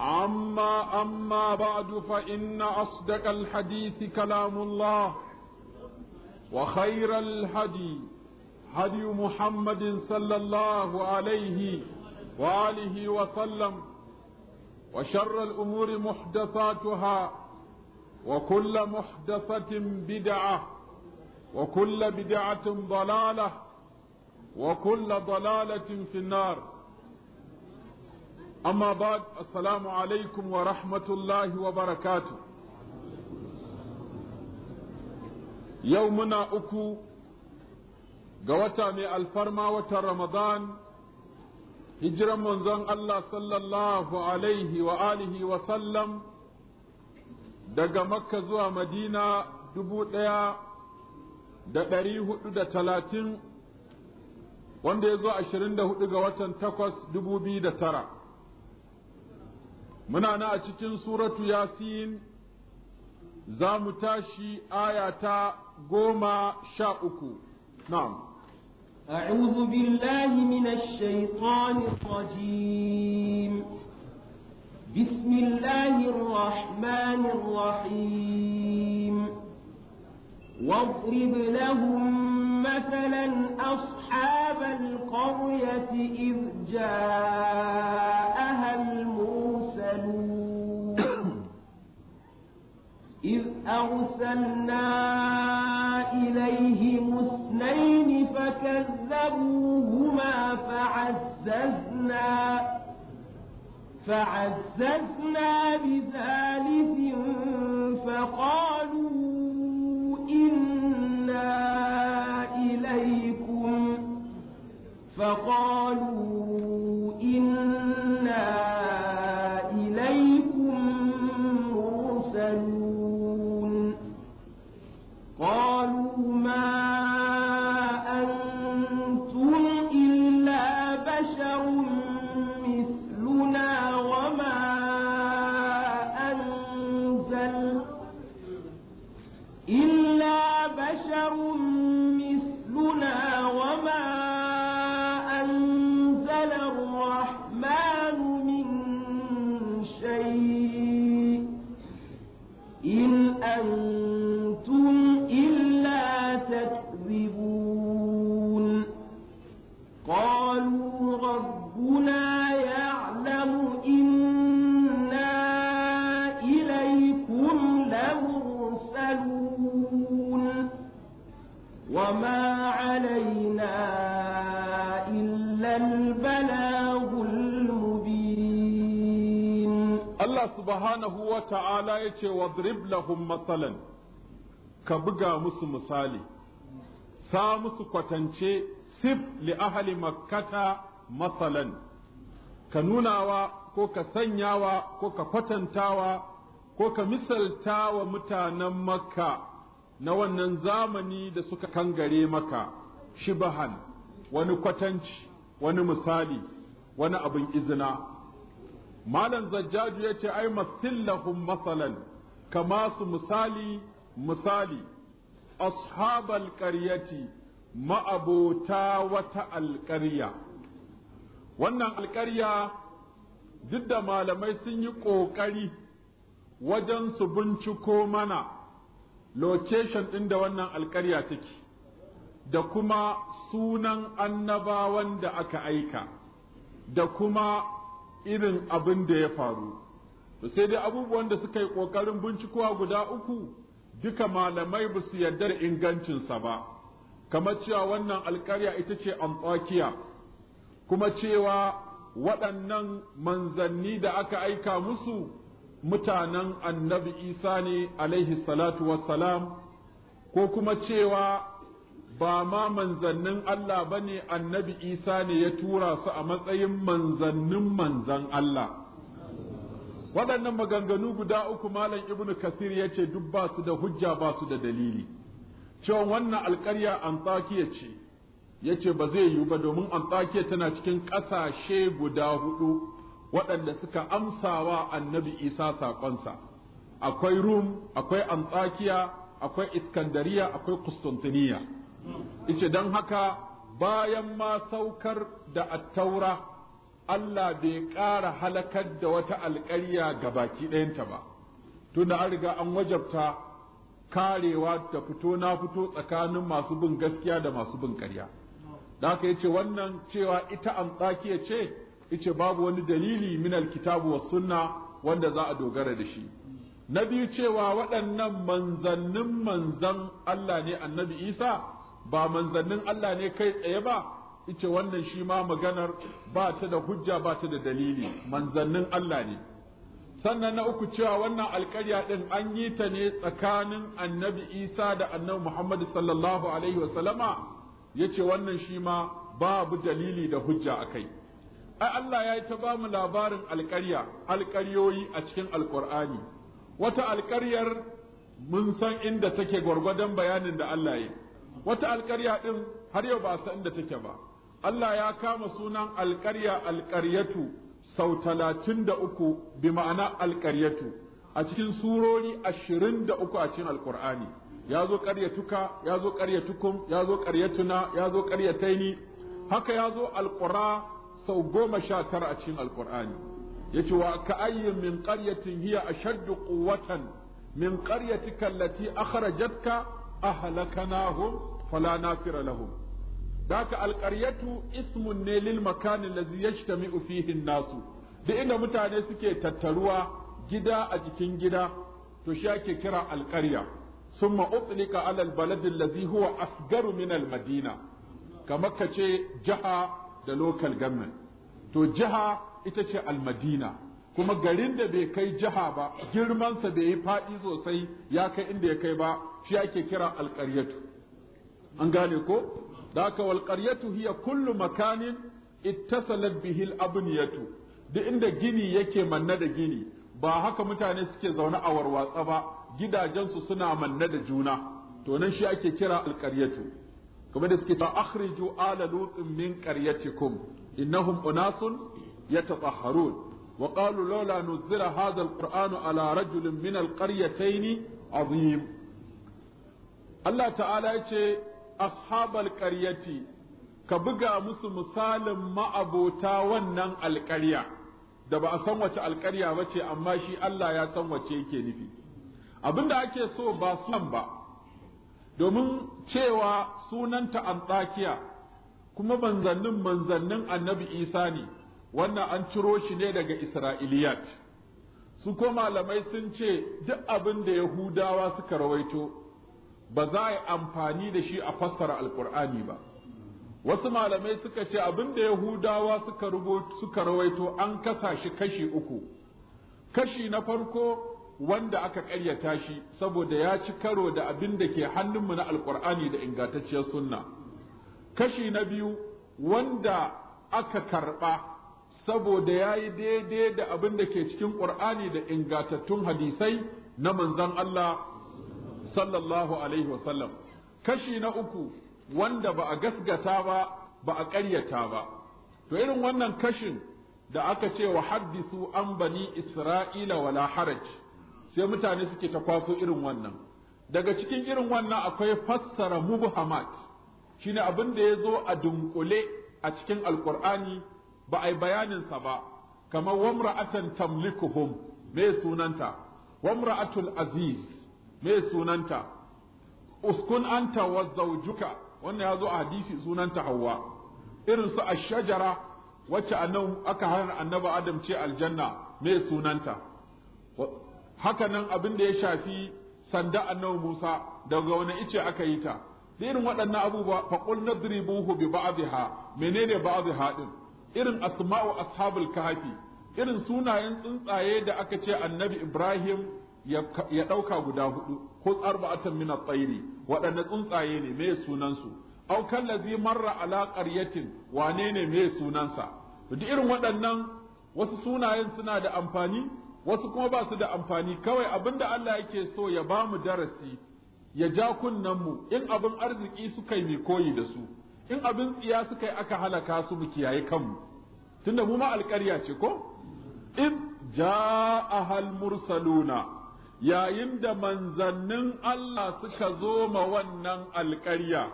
أما أما بعد فإن أصدق الحديث كلام الله وخير الهدي هدي محمد صلى الله عليه وآله وسلم وشر الأمور محدثاتها وكل محدثة بدعة وكل بدعة ضلالة وكل ضلالة في النار أما بعد السلام عليكم ورحمة الله وبركاته يومنا أكو قوتا من الفرما وتر رمضان هجر منزان الله صلى الله عليه وآله وسلم دق مكة زوى مدينة دبوت da ɗari hudu da talatin wanda ya zo ashirin da hudu ga watan takwas dubu biyu da tara muna na a cikin suratu yasin za mu tashi aya ta goma sha uku na'am أعوذ بالله من الشيطان الرجيم بسم الله الرحمن الرحيم واضرب لهم مثلا أصحاب القرية إذ جاءوا أرسلنا إليهم اثنين فكذبوهما فعززنا فعززنا بثالث فقالوا إنا إليكم فقالوا subhanahu wa ta'ala ya ce lahum matsalan ka buga musu misali sa musu kwatance sif li ahli makkata matsalan ka nunawa ko ka sanyawa ko ka kwatantawa ko ka misalta wa mutanen makka na wannan zamani da suka kangare maka shibahan wani kwatanci wani misali wani abin izina malam zajjaju ya ce ai masillahum masalan kama su misali misali ashabal qaryati ma'abota wata alƙarya wannan alƙarya duk da malamai sun yi ƙoƙari wajen su binciko mana location ɗin da wannan alƙarya take da kuma sunan annabawan da aka aika da kuma irin abin da ya faru to sai dai abubuwan da suka yi ƙoƙarin bincikowa guda uku duka malamai ba su yarda da ingancinsa ba kamar cewa wannan alƙarya ita ce amfakiya. kuma cewa waɗannan manzanni da aka aika musu mutanen annabi isa ne alaihi salatu wassalam ko kuma cewa ba ma manzannin Allah ba ne annabi Isa ne ya tura su a matsayin manzannin manzan Allah. Waɗannan maganganu guda uku Malam Ibn Kasir ya ce duk ba su da hujja ba su da dalili. Cewa wannan alƙarya Antakiya ce, ya ce ba zai yiwu ba domin Antakiya tana cikin ƙasashe guda hudu waɗanda suka amsawa annabi Isa saƙonsa. Akwai Rum, akwai Antakiya, akwai Iskandariya, akwai Kustantiniya. ice don haka bayan ma saukar da attaura Allah bai ƙara halakar da wata alƙarya ga baki ɗayanta ba tunda an riga an wajabta karewa ta fito na fito tsakanin masu bin gaskiya da masu bin ƙarya da haka yace wannan cewa ita an tsakiya ce ice babu wani dalili min alkitabu was sunna wanda za a dogara da shi na biyu cewa waɗannan manzannin manzan Allah ne annabi Isa ba manzannin Allah ne kai tsaye ba ita wannan shi ma maganar ba ta da hujja ba ta da dalili manzannin Allah ne sannan na uku cewa wannan alkarya ɗin an yi ta ne tsakanin annabi isa da annabi muhammadu sallallahu alaihi wasallama ya ce wannan shi ma babu dalili da hujja a kai ai Allah ya yi ta bamu labarin alkarya alƙaryoyi a cikin alƙur'ani wata alƙaryar mun san inda take gwargwadon bayanin da Allah ya wata alƙarya ɗin har yau ba san da take ba Allah ya kama sunan alƙarya alƙaryatu sau talatin da uku bi ma'ana alƙaryatu a cikin surori ashirin da uku a cikin alƙur'ani ya zo ƙaryatuka ya zo ƙaryatukum ya zo ƙaryatuna ya zo ƙaryataini haka ya zo alƙura sau goma sha tara a cikin alƙur'ani yace wa ka ayyin min ƙaryatin hiya ashaddu quwwatan min qaryatika allati akhrajatka ahlakanahum fala nasira lahum daka alqaryatu ismun ne lil makani allazi yajtami'u fihi nasu inda mutane suke tattaruwa gida a cikin gida to shi ake kira alƙarya. Sun utlika ala alal baladin lazihua asgaru min almadina kamar ka ce jiha da local government to jiha ita ce almadina kuma garin da bai kai jiha ba girmansa bai yi faɗi sosai ya kai inda ya kai ba shi ake kira alƙaryatu an gane ko da haka wal hiya kullu makanin ittasalat bihil al abniyatu duk inda gini yake manne da gini ba haka mutane suke zaune a warwatsa ba gidajensu suna manne da juna to nan shi ake kira al qaryatu da suke ta akhriju ala lutin min qaryatikum innahum unasun yatatahharun وقالوا لولا nuzira هذا القرآن على رجل من القريتين عظيم الله تعالى يقول ashabal qaryati ka buga musu misalin ma'abota wannan alƙarya da ba a san wace alƙarya ba ce amma shi Allah ya san wace yake nufi abinda ake so ba sunan ba domin cewa sunanta antakiya kuma manzannin manzannin annabi isa ne wannan an ciro shi ne daga isra'iliyat su ko malamai sun ce duk abin da yahudawa suka rawaito ba za a yi amfani da shi a fassara alkur'ani ba wasu malamai suka ce abin da yahudawa suka suka rawaito an kasa shi kashi uku kashi na farko wanda aka ƙaryata shi saboda ya ci karo da abin da ke hannunmu na alkur'ani da ingantacciyar sunna kashi na biyu wanda aka karba saboda ya yi daidai da abin da ke cikin ƙur'ani da ingantattun hadisai na manzon Allah sallallahu alaihi wasallam kashi na uku wanda ba a gasgata ba ba a ƙaryata ba to irin wannan kashin da aka ce wa haddisu an bani isra'ila wala haraj sai mutane suke ta kwaso irin wannan daga cikin irin wannan akwai fassara mubhamat shine abin da ya zo a dunkule a cikin alkur'ani ba a yi bayaninsa ba kamar wamra'atan tamlikuhum me sunanta wamra'atul aziz me sunanta uskun anta wa zawjuka wannan ya zo a hadisi sunanta hawa irin su ashajara wacce annan aka hana annabi adam ce aljanna me sunanta haka nan abin da ya shafi sanda annabi musa daga wani ice aka yi ta da irin waɗannan abubuwa qul nadribuhu bi ba'dihha menene ba'dha din irin asma'u ashabul kahfi irin sunayen tsuntsaye da aka ce annabi ibrahim ya ɗauka guda hudu ko arba'atan min at-tayri waɗanne tsuntsaye ne me sunan su aw kallazi marra ala qaryatin wane ne me sunansa duk irin waɗannan wasu sunayen suna da amfani wasu kuma ba su da amfani kawai abinda Allah yake so ya ba mu darasi ya ja kunnan mu in abin arziki suka yi koyi da su in abin tsiya suka yi aka halaka su mu kiyaye kanmu tunda mu ma alƙarya ce ko in Ja ahal mursaluna yayin da manzannin Allah suka zo ma wannan alƙarya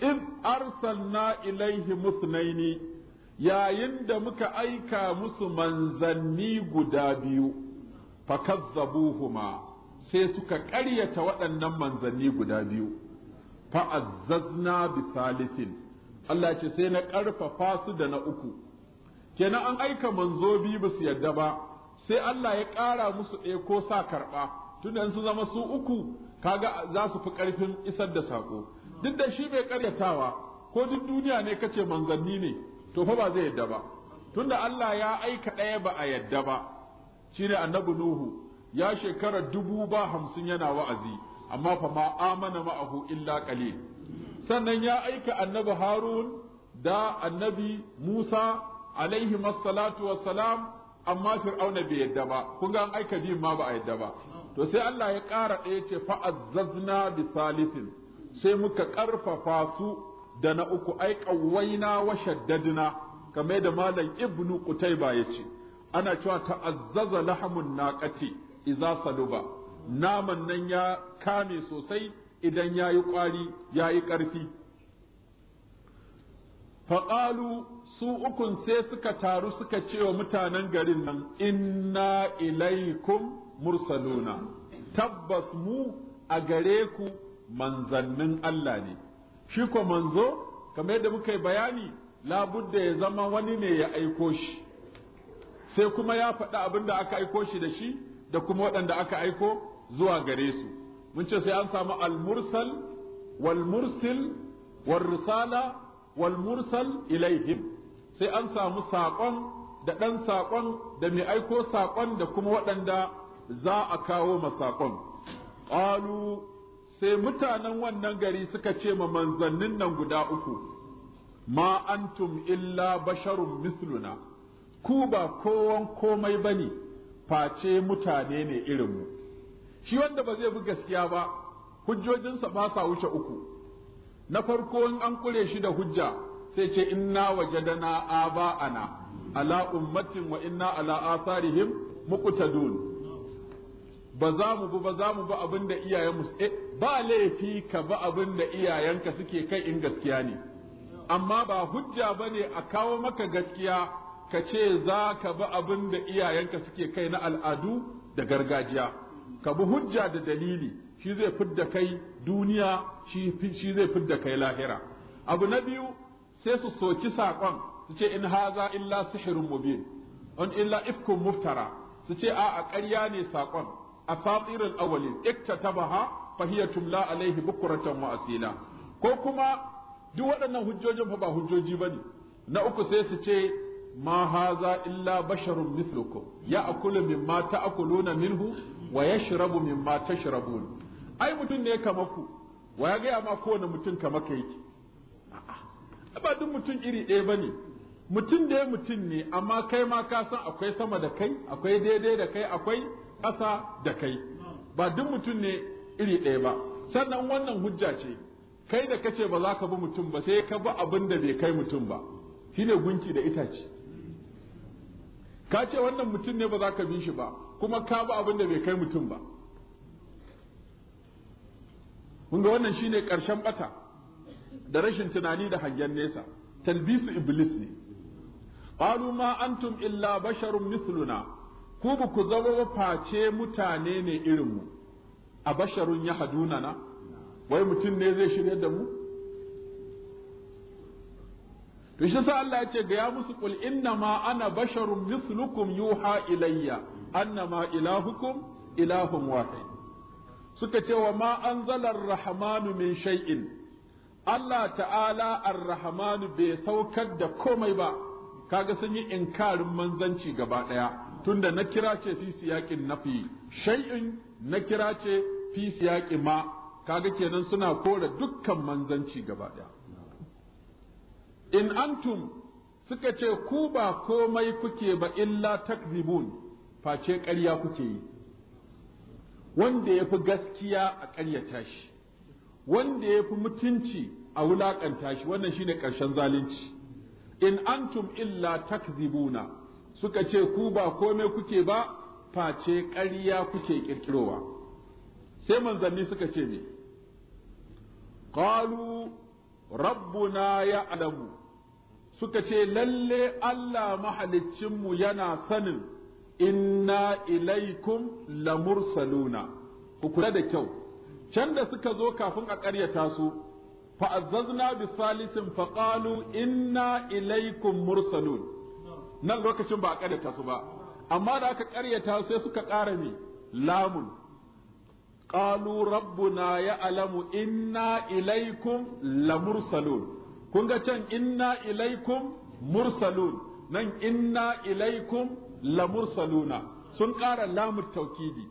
in arsalna ilaihi musnaini yayin da muka aika musu manzanni guda biyu fakazzabuhuma sai suka ƙaryata waɗannan manzanni guda biyu fa'azzazna bi salisin Allah ce sai na ƙarfafa su da na uku kenan an aika manzo biyu ba su yadda ba sai Allah ya ƙara musu ɗaya eh, ko sa karɓa tunda su zama su uku kaga za su fi ƙarfin isar da saƙo duk da shi bai ƙaryatawa ko duk duniya ne kace manzanni ne to fa ba zai yadda ba tunda Allah ya aika ɗaya ba a yadda ba shine annabi Nuhu ya shekara dubu ba hamsin yana wa'azi amma fa ma amana ma'ahu illa qalil sannan ya aika annabi Harun da annabi Musa alaihi salatu wassalam amma fir'auna bai yadda ba kun ga an aika biyun ma ba a yadda ba to sai Allah ya ƙara ɗaya ce fa'azzazna bi salisin sai muka ƙarfafa su da na uku ai ƙawaina wa shaddadna kamar da malam ibnu qutayba ya ce ana cewa ta'azzaza lahamun naqati idza saluba naman nan ya kame sosai idan yayi kwari yayi ƙarfi qalu su ukun sai suka taru suka ce wa mutanen garin nan inna ilaikum mursaluna tabbas mu a gare ku manzannin Allah ne shi ko manzo kamar yadda muka yi bayani labudda ya zama wani ne ya aiko shi sai kuma ya faɗi abin da aka aiko shi da shi da kuma waɗanda aka aiko zuwa gare su mun ce sai an samu al-mursal wal mursil wal risala wal mursal ilaihim sai an samu saƙon da ɗan saƙon da mai aiko saƙon da kuma waɗanda za a kawo ma saƙon ƙalu sai mutanen wannan gari suka ce ma manzannin nan guda uku ma antum illa basharun misluna ku ba kowan komai ba ne face mutane ne irin mu. shi wanda ba zai bi gaskiya ba hujjojinsa ba sa wuce uku na farko an kure shi da hujja sai ce inna wajadana aba'ana ala ummatin wa inna ala atharihim muqtadun ba za mu bi ba za mu bi abin da mu? eh ba laifi ka bi abinda da iyayenka suke kai in gaskiya ne amma ba hujja bane a kawo maka gaskiya ka ce za ka bi abin da iyayenka suke kai na al'adu da gargajiya ka bi hujja da dalili shi zai fidda kai duniya shi zai fidda kai lahira abu na biyu sai su soki saƙon su ce in haza illa sihirun mubin in illa ifkun muftara su ce a a ƙarya ne saƙon a fatirin awalin iktatabaha fahiya tumla alaihi bukuratan wa asila ko kuma duk waɗannan hujjojin fa ba hujjoji bane na uku sai su ce ma haza illa basharun mithlukum ya'kulu mimma ta'kuluna minhu wa yashrabu mimma tashrabun ai mutum ne kamar ku wa ya gaya ma kowane mutum kamar ka yake ba duk mutum iri ɗaya ba ne mutum da mutum ne amma kai ma ka san akwai sama da kai akwai daidai da kai akwai ƙasa da kai ba duk mutum ne iri ɗaya ba sannan wannan hujja ce kai da kace ba za ka bi mutum ba sai ka bi abin da bai kai mutum ba shine gunki da itace ka ce wannan mutum ne ba za ka bi shi ba kuma ka bi abin da bai kai mutum ba mun ga wannan shine ƙarshen bata da rashin tunani da hangen nesa talbisu iblis ne qalu ma antum illa basharun misluna ku ba ku zama face mutane ne irin mu a basharun ya haduna na wai mutum ne zai shirya da mu to shi sa Allah ya ce ga ya musu qul inna ma ana basharun mislukum yuha ilayya annama ilahukum ilahun wahid suka ce wa ma anzalar rahmanu min shay'in Allah ta'ala ar-rahmanu bai saukar da komai ba kaga sun yi inkarin manzanci gaba ɗaya tunda na kira ce fi siyaqin nafi shay'in na kira ce fi siyaqi ma kaga kenan suna kore dukkan manzanci gaba ɗaya in antum suka ce ku ba komai kuke ba illa takzibun face ƙarya kuke yi wanda ya fi gaskiya a ƙaryata shi wanda ya fi mutunci a wulaƙanta shi wannan shine ƙarshen zalunci in antum illa takzibuna suka ce ku ba komai kuke ba face ƙarya kuke ƙirƙirowa sai manzanni suka ce me qalu rabbuna ya'lamu suka ce lalle Allah mahaliccinmu yana sanin inna ilaikum lamursaluna ku kula da kyau can da suka zo kafin a ƙaryata su fa'azazna bi salisin faƙalu inna ilaikum mursalun nan lokacin ba a ƙaryata su ba amma da aka ƙaryata su sai suka ƙara ne lamun ƙalu rabbuna ya alamu inna ilaikum la mursalun kun ga can inna ilaikum mursalun nan inna ilaikum la mursaluna sun ƙara lamun taukidi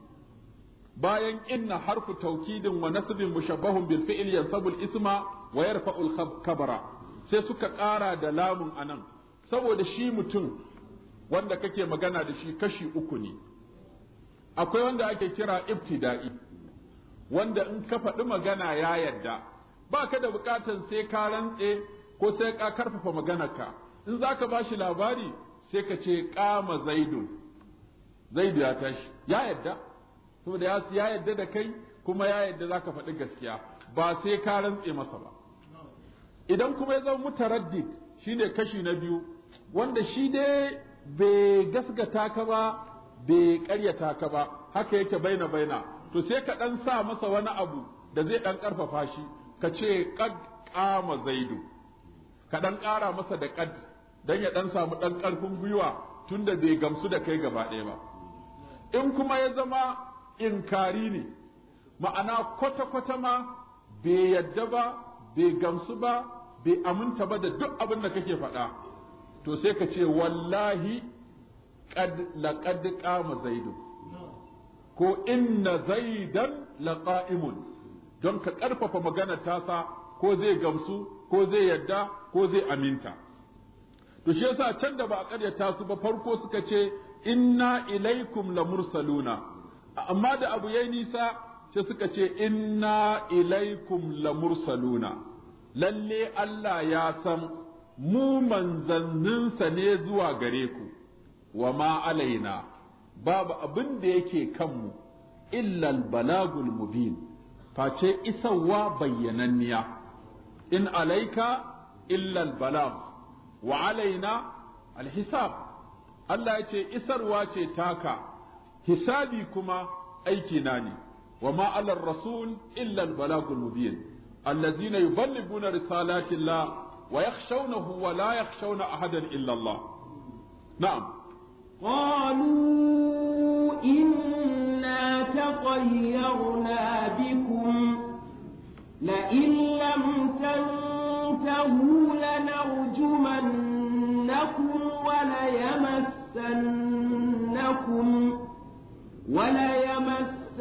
bayan inna harfu taukidin wa nasbin mushabbahun bil fi'l yansabu al isma wa yarfa'u al khabara sai suka ƙara da lamun anan saboda shi mutum wanda kake magana da shi kashi uku ne akwai wanda ake kira ibtida'i wanda in ka faɗi magana ya yadda, ba ka da buƙatar sai ka rantse ko sai ka karfafa maganarka in za ka ba shi labari sai ka ce kama zaidu zaidu ya tashi ya yadda. saboda ya ya yadda da kai kuma ya yadda ka faɗi gaskiya ba sai ka rantse masa ba idan kuma ya zama mutaraddid shine kashi na biyu wanda shi dai bai gasgata ka ba bai ƙaryata ka ba haka yake baina baina to sai ka ɗan sa masa wani abu da zai ɗan ƙarfafa shi ka ce ƙad ƙama zaidu ka ɗan ƙara masa da ƙad don ya ɗan samu ɗan ƙarfin gwiwa tunda bai gamsu da kai gaba ɗaya ba in kuma ya zama inkari ne ma'ana kwata-kwata ma bai yadda ba bai gamsu ba bai aminta ba da duk abin da kake faɗa to sai ka ce wallahi laqad qama zaidu ko inna zaidan laqa'imun don ka ƙarfafa magana tasa ko zai gamsu ko zai yadda ko zai aminta to shi yasa can da ba a ƙaryata su ba farko suka ce inna ilaikum la mursaluna amma da abu yayi nisa sai suka ce inna ilaikum lamursaluna lalle Allah ya san mu manzanninsa ne zuwa gare ku wa ma alaina babu abin da yake kanmu illal balagul mubin face isarwa bayyananniya in alaika illal balag wa alaina alhisab Allah ya ce isarwa ce taka hisabi kuma aiki na ne wa ma alar rasul illa albalagul mubin allazina yuballiguna risalatillah wa yakhshawnahu wa la yakhshawna ahadan illa Allah na'am qalu inna taqayyarna bikum لئن لم تنتهوا لنرجمنكم وليمسنكم وليمسنكم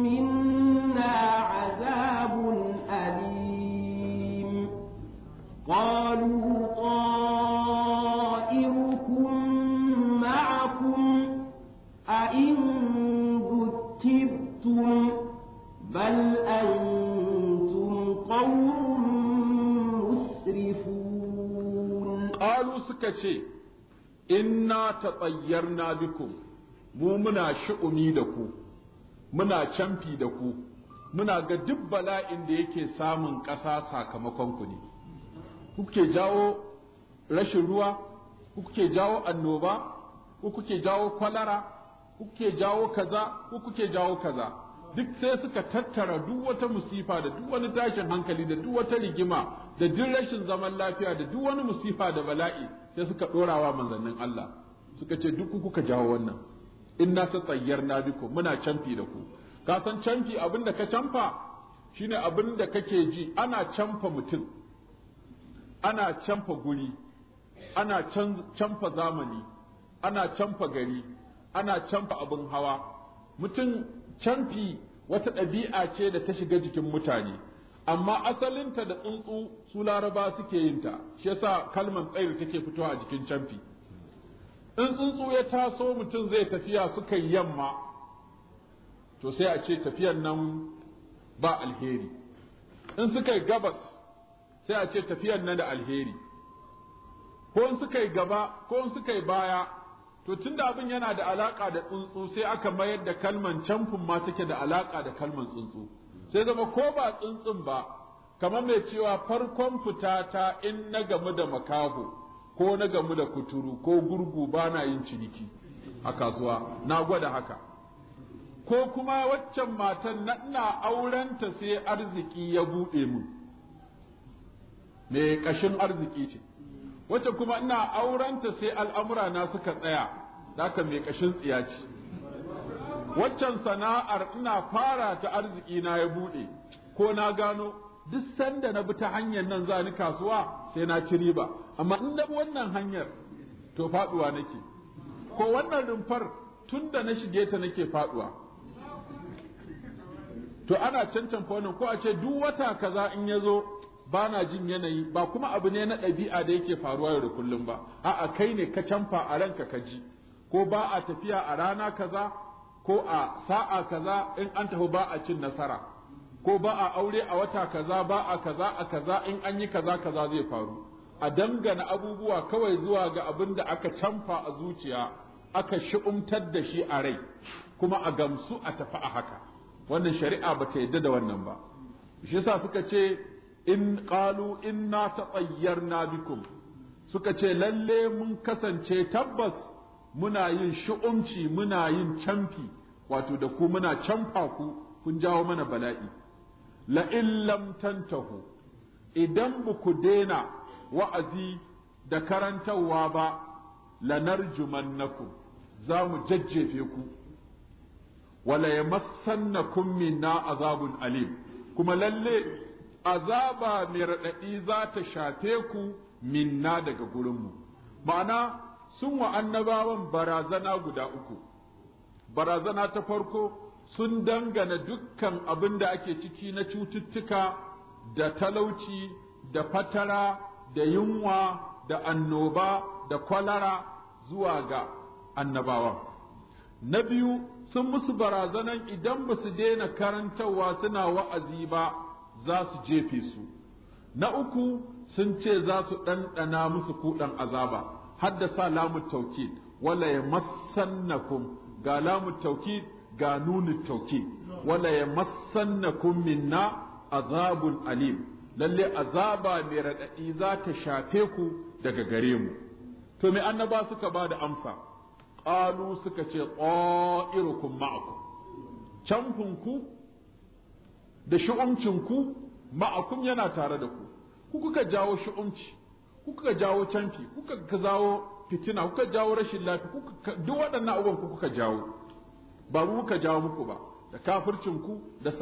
منا عذاب أليم قالوا طائركم معكم أئن ذكرتم بل أنتم قوم مسرفون قالوا سكتي inna bi bikum mu muna shi'umi da ku muna camfi da ku muna ga duk bala'in da yake samun ƙasa sakamakon ku ne kuke jawo rashin ruwa kuke jawo annoba kuke jawo kwalara kuke jawo kaza kuke jawo kaza duk sai suka tattara duk wata musifa da duk wani tashin hankali da duk wata rigima da duk rashin zaman lafiya da duk wani musifa da bala'i sai suka ɗorawa manzannin Allah suka ce duk kuka jawo wannan inna ta tsayyar na biku muna canfi da ku ka san canfi abin da ka canfa shine abin da kake ji ana canfa mutum ana canfa guri ana canfa zamani ana canfa gari ana canfa abin hawa mutum canfi wata ɗabi'a ce da ta shiga jikin mutane amma asalinta da tsuntsu su laraba suke yin ta shi yasa kalmar tsayar take fitowa a jikin camfi in tsuntsu ya taso mutum zai tafiya suka yamma to sai a ce tafiyan nan ba alheri in suka yi gabas sai a ce tafiyan nan da alheri ko in suka yi gaba ko in suka yi baya to tunda abin yana da alaka da tsuntsu sai aka mayar da kalman camfin ma take da alaka da kalman tsuntsu sai zama ko ba tsuntsun ba kamar mai cewa farkon fita ta in na gamu da makaho ko na gamu da kuturu ko gurgu ba na yin ciniki a kasuwa na gwada haka ko kuma waccan matan na ina aurenta sai arziki ya buɗe mu mai ƙashin arziki ce wacce kuma ina aurenta sai al'amura na suka tsaya zaka mai ƙashin tsiya ce waccan sana'ar ina fara ta arziki na ya bude ko na gano duk sanda na bi ta hanyar nan za ni kasuwa sai na ci riba amma in na wannan hanyar to faduwa nake ko wannan rumfar tun da na shige ta nake faɗuwa. to ana cancan fonin ko a ce duk wata kaza in ya zo ba na jin yanayi ba kuma abu ne na ɗabi'a da yake faruwa yau da kullum ba a'a kai ne ka canfa a ranka ka ji ko ba a tafiya a rana kaza ko a sa'a kaza in an tafi ba a cin nasara ko ba a aure a wata kaza ba a kaza a kaza in an yi kaza kaza zai faru a dangana abubuwa kawai zuwa ga abin da aka canfa a zuciya aka shi'umtar da shi a rai kuma a gamsu a tafi a haka wannan shari'a ba ta yadda da wannan ba shi yasa suka ce in qalu inna tatayyarna bikum suka ce lalle mun kasance tabbas muna yin shi'umci muna yin camfi wato da ku muna camfa ku kun jawo mana bala'i la lamtantahu, idan ba ku dena wa'azi da karantarwa ba lanarjumannakum za mu jajjefe ku wala ya yamassannakum minna azabun alim kuma lalle azaba mai raɗaɗi za ta shafe ku minna daga gurinmu ma'ana sun wa annabawan barazana guda uku barazana ta farko sun dangana dukkan abin da ake ciki na cututtuka da talauci da fatara da yunwa da annoba da kwalara zuwa ga annabawa na biyu sun musu barazanan idan ba su daina karantarwa suna wa'azi ba za su jefe su na uku sun ce za su ɗanɗana musu kuɗan azaba haddasa lamu tauki wala ya massannakum ga lamu tauki ga nuni tauki wala ya massannakum minna azabun alim lalle azaba mai raɗaɗi za ta shafe ku daga gare mu to mai annaba suka ba da amsa ƙalu suka ce ƙa'irukum ma'akum ku? da shu'umcinku ma'akum yana tare da ku ku kuka jawo shu'umci ku kuka jawo canfi kuka jawo fitina kuka jawo rashin lafiya kuka duk waɗannan abubuwan ku kuka jawo ba mu kuka jawo muku ba da kafircinku da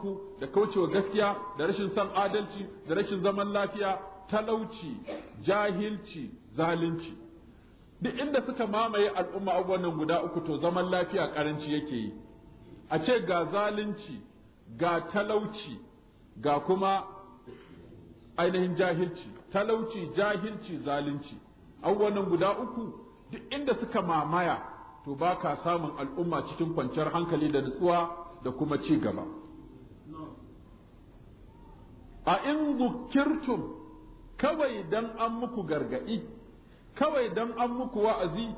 ku, da kaucewa gaskiya da rashin san adalci da rashin zaman lafiya talauci jahilci zalunci duk inda suka mamaye al'umma abubuwan guda uku to zaman lafiya karanci yake yi a ce ga zalunci ga talauci ga kuma ainihin jahilci talauci jahilci zalunci wannan guda uku duk inda suka mamaya to ba ka samun al'umma cikin kwanciyar hankali da nutsuwa da kuma ci gaba a in zukirtum kawai dan an muku gargaɗi kawai dan an muku wa'azi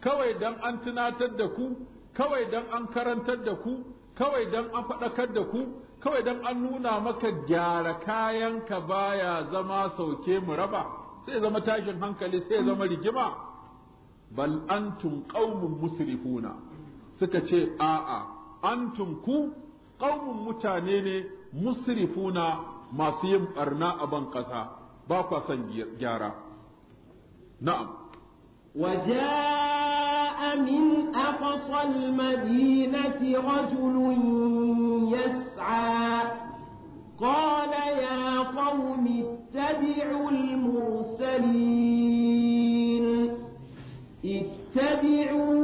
kawai dan an tunatar da ku kawai dan an karantar da ku kawai don an faɗakar da ku kawai don an nuna maka gyara kayan ka baya zama sauke mu raba sai zama tashin hankali sai zama rigima bal antum qaumun musrifuna suka ce a'a antum ku qaumun mutane ne musrifuna masu yin barna a ban ƙasa ba kwa son gyara na'am Waje. من أقصى المدينة رجل يسعى قال يا قوم اتبعوا المرسلين اتبعوا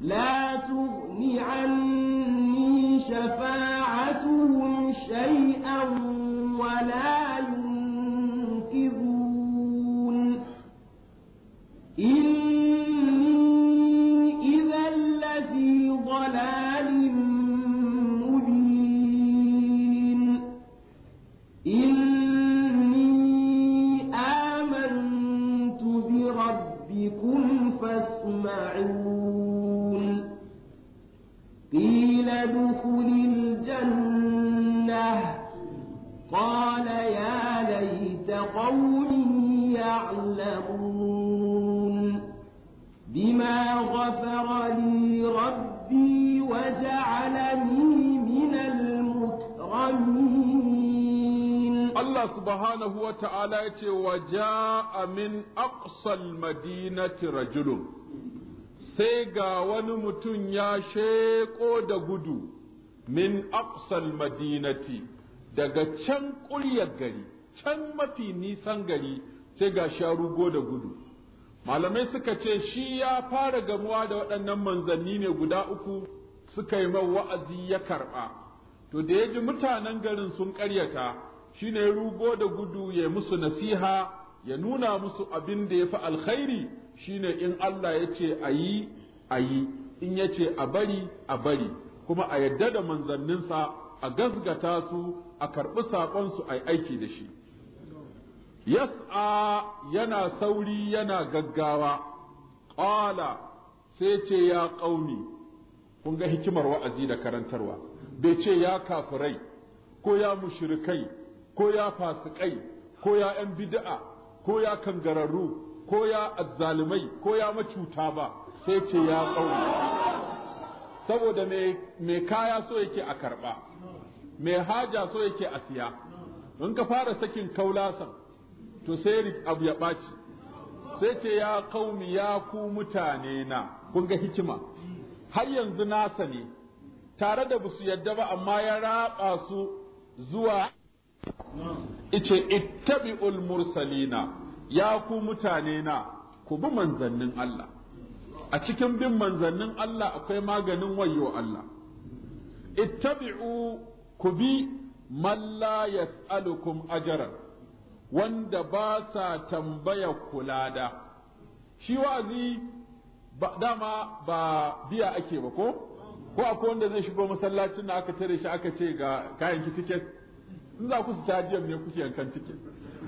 لا قوم يعلمون بما غفر لي ربي وجعلني من المكرمين الله سبحانه وتعالى وجاء من أقصى المدينة رجل sai ga wani mutum ya sheƙo da gudu min aqsal madinati daga can ƙuryar gari can mafi nisan gari sai ga shi ya rugo da gudu malamai suka ce shi ya fara gamuwa da waɗannan manzanni ne guda uku suka yi man wa'azi ya karɓa to da ya ji mutanen garin sun ƙaryata shi ne rugo da gudu ya musu nasiha ya nuna musu abin da ya fi alkhairi shi ne in Allah ya ce a yi a yi in ya ce a bari a bari kuma a yadda da manzanninsa a gasgata su a karɓi saƙonsu a yi aiki da shi yas'a yana sauri yana gaggawa qala sai ce ya qaumi kun ga hikimar wa'azi da karantarwa bai ce ya kafirai ko ya mushrikai ko ya fasikai ko ya yan bid'a ko ya kangararru ko ya azzalumai ko ya macuta ba sai ce ya qaumi saboda mai kaya so yake a karɓa, mai haja so yake a siya in ka fara sakin kaulasan to sai abu ya ɓaci sai ce ya kaumi ya ku mutane na kun ga hikima har yanzu nasa ne tare da busu yadda ba amma ya raba su zuwa ice ittabi'ul mursalina ya ku mutane na ku bi manzannin Allah a cikin bin manzannin Allah akwai maganin wayo Allah ittabi'u ku bi man la yas'alukum ajran wanda ba sa tambaya kula da, shi wa'azi ba dama ba biya ake ba ko ko akwai wanda zai shigo masallacin da aka tare shi aka ce ga kayan ki tiket in za ku stadium ne kuke yankan tiket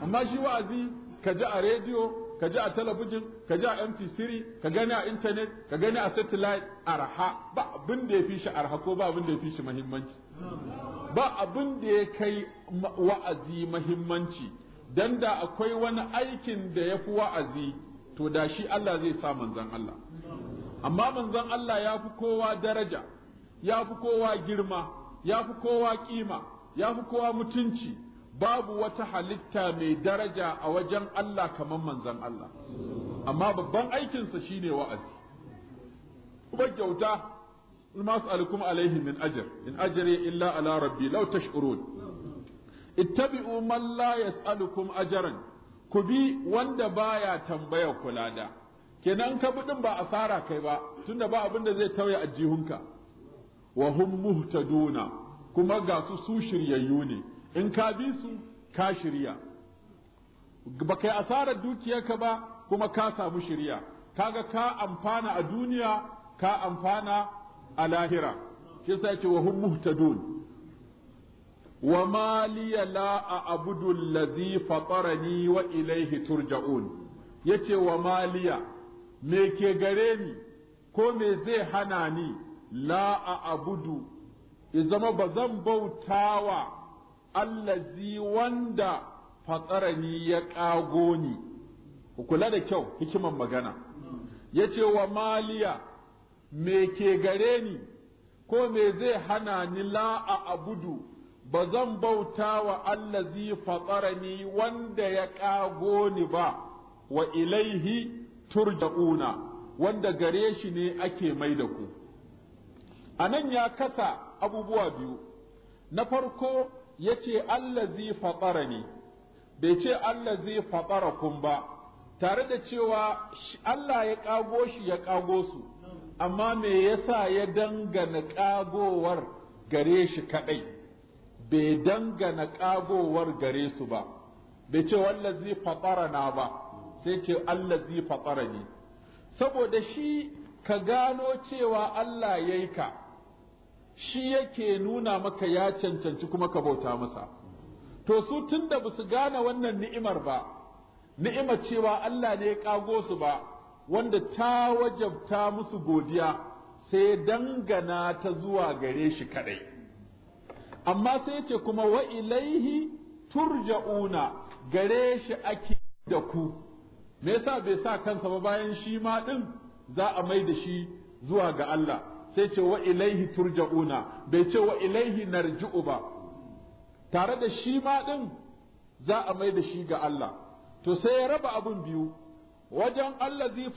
amma shi wa'azi ka ji a rediyo ka ji a talabijin ka ji a mp3 ka gani a intanet ka gani a satellite arha ba abin da ya fi shi arha ko ba abin da ya fi shi muhimmanci ba abin da ya kai wa'azi muhimmanci. dan da akwai wani aikin da ya fi wa'azi to da shi Allah zai sa manzan Allah amma manzan Allah ya fi kowa daraja ya fi kowa girma ya fi kowa kima ya fi kowa mutunci babu wata halitta mai daraja a wajen Allah kamar manzan Allah amma babban aikinsa shine wa'azi kuma kyauta mas'alukum alaihi min ajar in ajri illa ala rabbi law tashkurun ittabi'u man la yas'alukum ajran ku bi wanda baya tambaya kula da kenan ka budin ba asara kai ba tunda ba abin da zai tauye ajihunka wa hum muhtaduna kuma ga su su shiryayyu ne in ka bi su ka shirya ba kai asarar dukiyarka ba kuma ka samu shirya kaga ka amfana a duniya ka amfana a lahira shi sai ce wa hum muhtadun wa ma liya la a abudul ladhi fatarani wa ilaihi turja'un yace wa maliya me ke gare ni ko me zai hana ni la a abudu ya zama ba zan bautawa allazi wanda fatarani ya ƙago ni kula da kyau hikiman magana yace wa maliya me ke gare ni ko me zai hana ni la a abudu ba zan bauta wa allazi fatarani wanda ya ƙago ni ba wa ilaihi turja'una wanda gare shi ne ake mai da ku a nan ya kasa abubuwa biyu na farko ya ce allazi fatarani bai ce Allah allazi fatarakum ba tare da cewa Allah ya ƙago shi ya ƙago su amma me yasa ya dangana ƙagowar gare shi kaɗai bai dangana ƙagowar gare su ba bai ce wallazi na ba sai ce allazi ne. saboda shi ka gano cewa Allah ya yi ka shi yake nuna maka ya cancanci kuma ka bauta masa to su tun da su gane wannan ni'imar ba ni'imar cewa Allah ne ya ƙago su ba wanda ta wajabta musu godiya sai dangana ta zuwa gare shi kadai. amma sai ce kuma wa ilaihi turja'una gare shi ake da ku me yasa bai sa kansa ba bayan shi ma din za a mai da shi zuwa ga Allah sai ce wa ilaihi turja'una bai ce wa ilaihi narji'u ba tare da shi ma din za a mai da shi ga Allah to sai ya raba abun biyu wajen allazi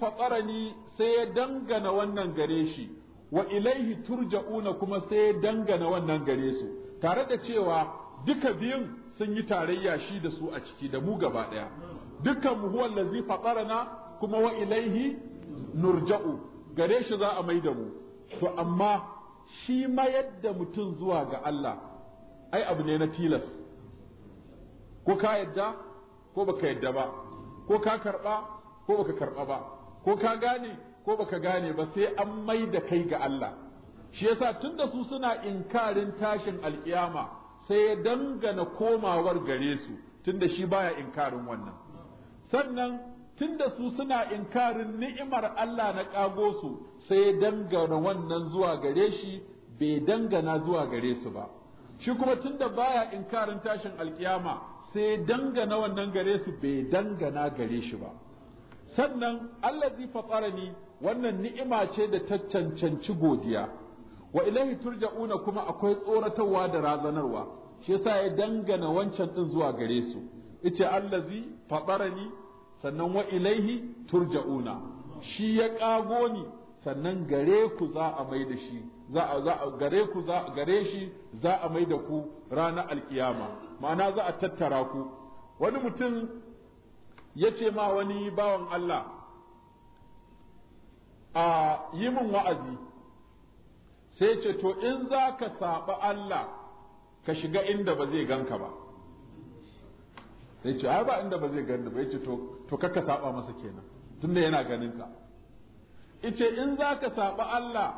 ni sai ya dangana wannan gare shi wa ilaihi turja'una kuma sai ya dangana wannan gare su tare da cewa duka biyun sun yi tarayya shi da su a ciki da mu gaba ɗaya Dukan mu huwa allazi fatarana kuma wa ilaihi nurja'u gare shi za a mai da mu to amma shi mayar da mutum zuwa ga Allah ai abu ne na tilas ko ka yadda ko baka yadda ba ko ka karba ko baka karba ba ko ka gane ko baka gane ba sai an mai da kai ga Allah shi yasa tunda su suna inkarin tashin alkiyama sai ya dangana komawar gare su tunda shi baya inkarin wannan sannan tunda su suna inkarin ni'imar Allah na kago su sai ya dangana wannan zuwa gare shi bai dangana zuwa gare su ba shi kuma tunda baya inkarin tashin alkiyama sai ya dangana wannan gare su bai dangana gare shi ba sannan Allah zai fatsara ni wannan ni'ima ce da ta cancanci godiya wa ilahi turja'una kuma akwai tsoratarwa da razanarwa shi yasa ya dangana wancan din zuwa gare su ice allazi fatarani sannan wa ilaihi turja'una shi ya kago ni sannan gare ku za a mai da shi za a za a gare ku za gare shi za a mai da ku ranar alkiyama ma'ana za a tattara ku wani mutum ya ce ma wani bawan Allah a yi min wa'azi sai ce to in za ka saba Allah ka shiga inda ba zai ganka ba sai ce ai ba inda ba zai ganka ba yace to to ka saba masa kenan tunda yana ganin ka ice in za ka saba Allah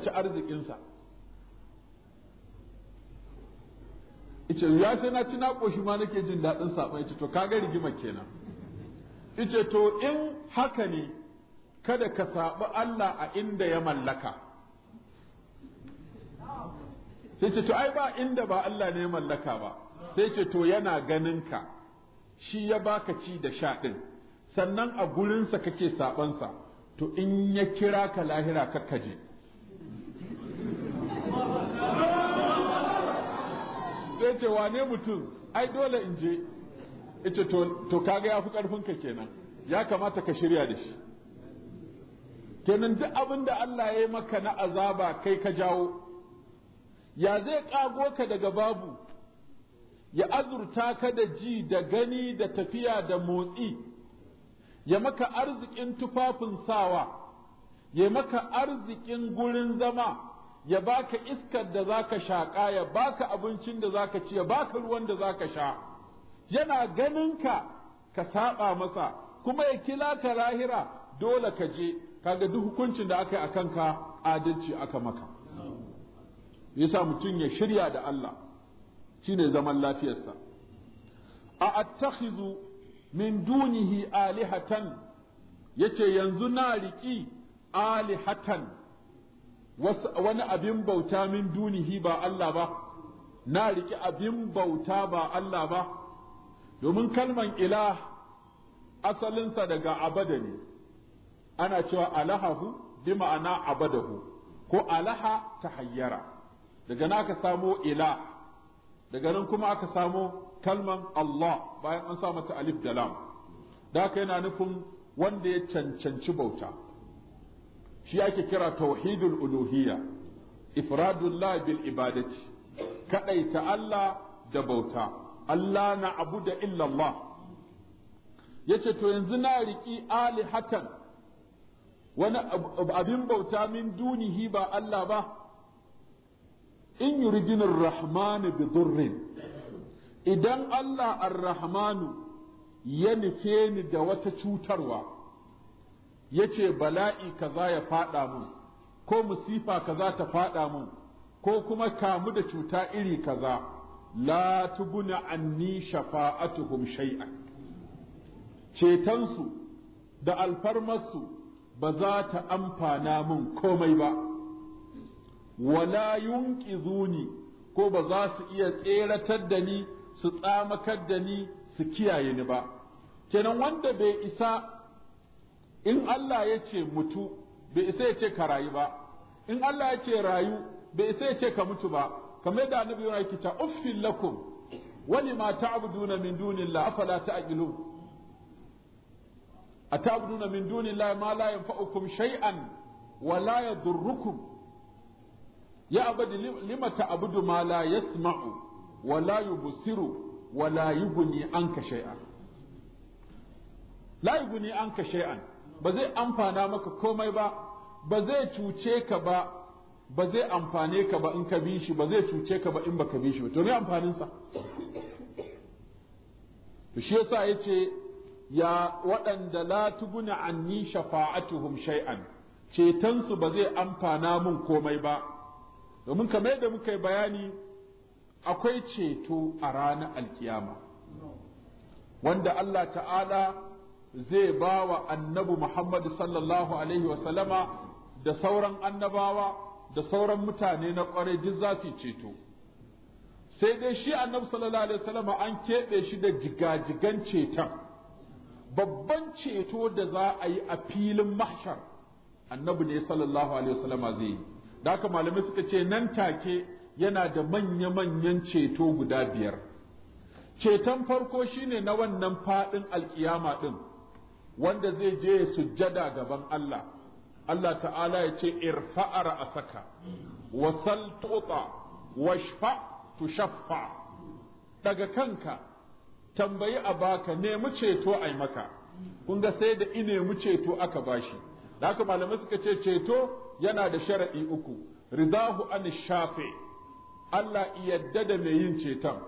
ci arzikinsa ice ya sai na ci na koshi ma nake jin daɗin saba yace to kaga rigima kenan ice to in haka ne kada ka saba Allah a inda ya mallaka sai ce to ai ba inda ba Allah ne mallaka ba sai ce to yana ganin ka shi ya baka ci da sha din sannan a gurinsa kake sabansa to in ya kira ka lahira kakkaje sai ce wane mutum ai dole in je ita to kaga ya fi ka kenan ya kamata ka shirya da shi kenan duk abin da Allah ya yi maka na azaba kai ka jawo ya zai kago ka daga babu ya azurta ka da ji da gani da tafiya da motsi ya maka arzikin tufafin sawa ya maka arzikin gurin zama ya baka iskar da zaka shaƙa ya baka abincin da zaka ci ya baka ruwan da zaka sha yana ganinka ka saba masa kuma ya kila ka lahira dole ka je kaga duk hukuncin da aka yi a kanka adalci aka maka yasa mutum ya shirya da Allah shine zaman lafiyarsa a attakhizu min dunihi alihatan yace yanzu na riki alihatan wani abin bauta min dunihi ba Allah ba na riki abin bauta ba Allah ba domin kalman ilah asalinsa daga abada ne ana cewa alahahu bi ma'ana abadahu ko alaha ta hayyara daga nan aka samo ila daga nan kuma aka samo kalman Allah bayan an sa mata alif da lam da haka yana nufin wanda ya cancanci bauta shi ake kira tauhidul uluhiyya ifradullah bil ibadati kadaita Allah da bauta Allah na abu da illallah yace to yanzu na riki alihatan wani abin bauta min dunihi ba Allah ba in yuridin rahmanu bi durrin idan Allah ar-rahmanu ya nufe ni da wata cutarwa yace bala'i kaza ya faɗa mun ko musifa kaza ta faɗa mun ko kuma kamu da cuta iri kaza la tubuna anni shafa'atuhum shay'an cetonsu da alfarmarsu ba za ta amfana mun komai ba wala yunqizuni ko ba za su iya tseratar da ni su tsamakar da ni su kiyaye ni ba kenan wanda bai isa in Allah ya ce mutu bai isa ya ce ka rayu ba in Allah ya ce rayu bai isa ya ce ka mutu ba kamar da annabi yana kita uffil lakum wani ma ta'buduna min dunillahi afala ta'qilun atabuduna min dunillahi ma la yanfa'ukum shay'an wa la yadurrukum ya abadi lima ta'budu ma la yasma'u wa la yubsiru wa la yughni anka shay'an la yughni anka shay'an ba zai amfana maka komai ba ba zai cuce ka ba ba zai amfane ka ba in ka bi shi ba zai cuce ka ba in ba ka bi shi ba to me amfanin sa to shi yasa yace ya waɗanda la tuguna anni shafa'atuhum shay'an cetonsu ba zai amfana mun komai ba domin kamar yadda muka yi bayani akwai ceto a ranar alkiyama wanda Allah ta'ala zai ba wa Annabu Muhammad sallallahu alaihi wasallama da sauran annabawa da sauran mutane na kwarai duk za su ceto sai dai shi annabi sallallahu alaihi wasallama an keɓe shi da jigajigan ceton babban ceto da za a yi a filin mahshar annabi ne sallallahu alaihi wasallama zai yi da haka malamai suka ce nan take yana da manya-manyan ceto guda biyar ceton farko shine na wannan faɗin alkiyama ɗin wanda zai je sujjada gaban Allah Allah ta'ala ya ce irfa'ar saka. wasal tuta washfa tushaffa daga kanka tambayi a baka nemi ceto ai maka kun ga sai da ine mu ceto aka bashi da haka malamai suka ce ceto yana da shara'i uku ridahu an shafi Allah yadda da mai yin ceton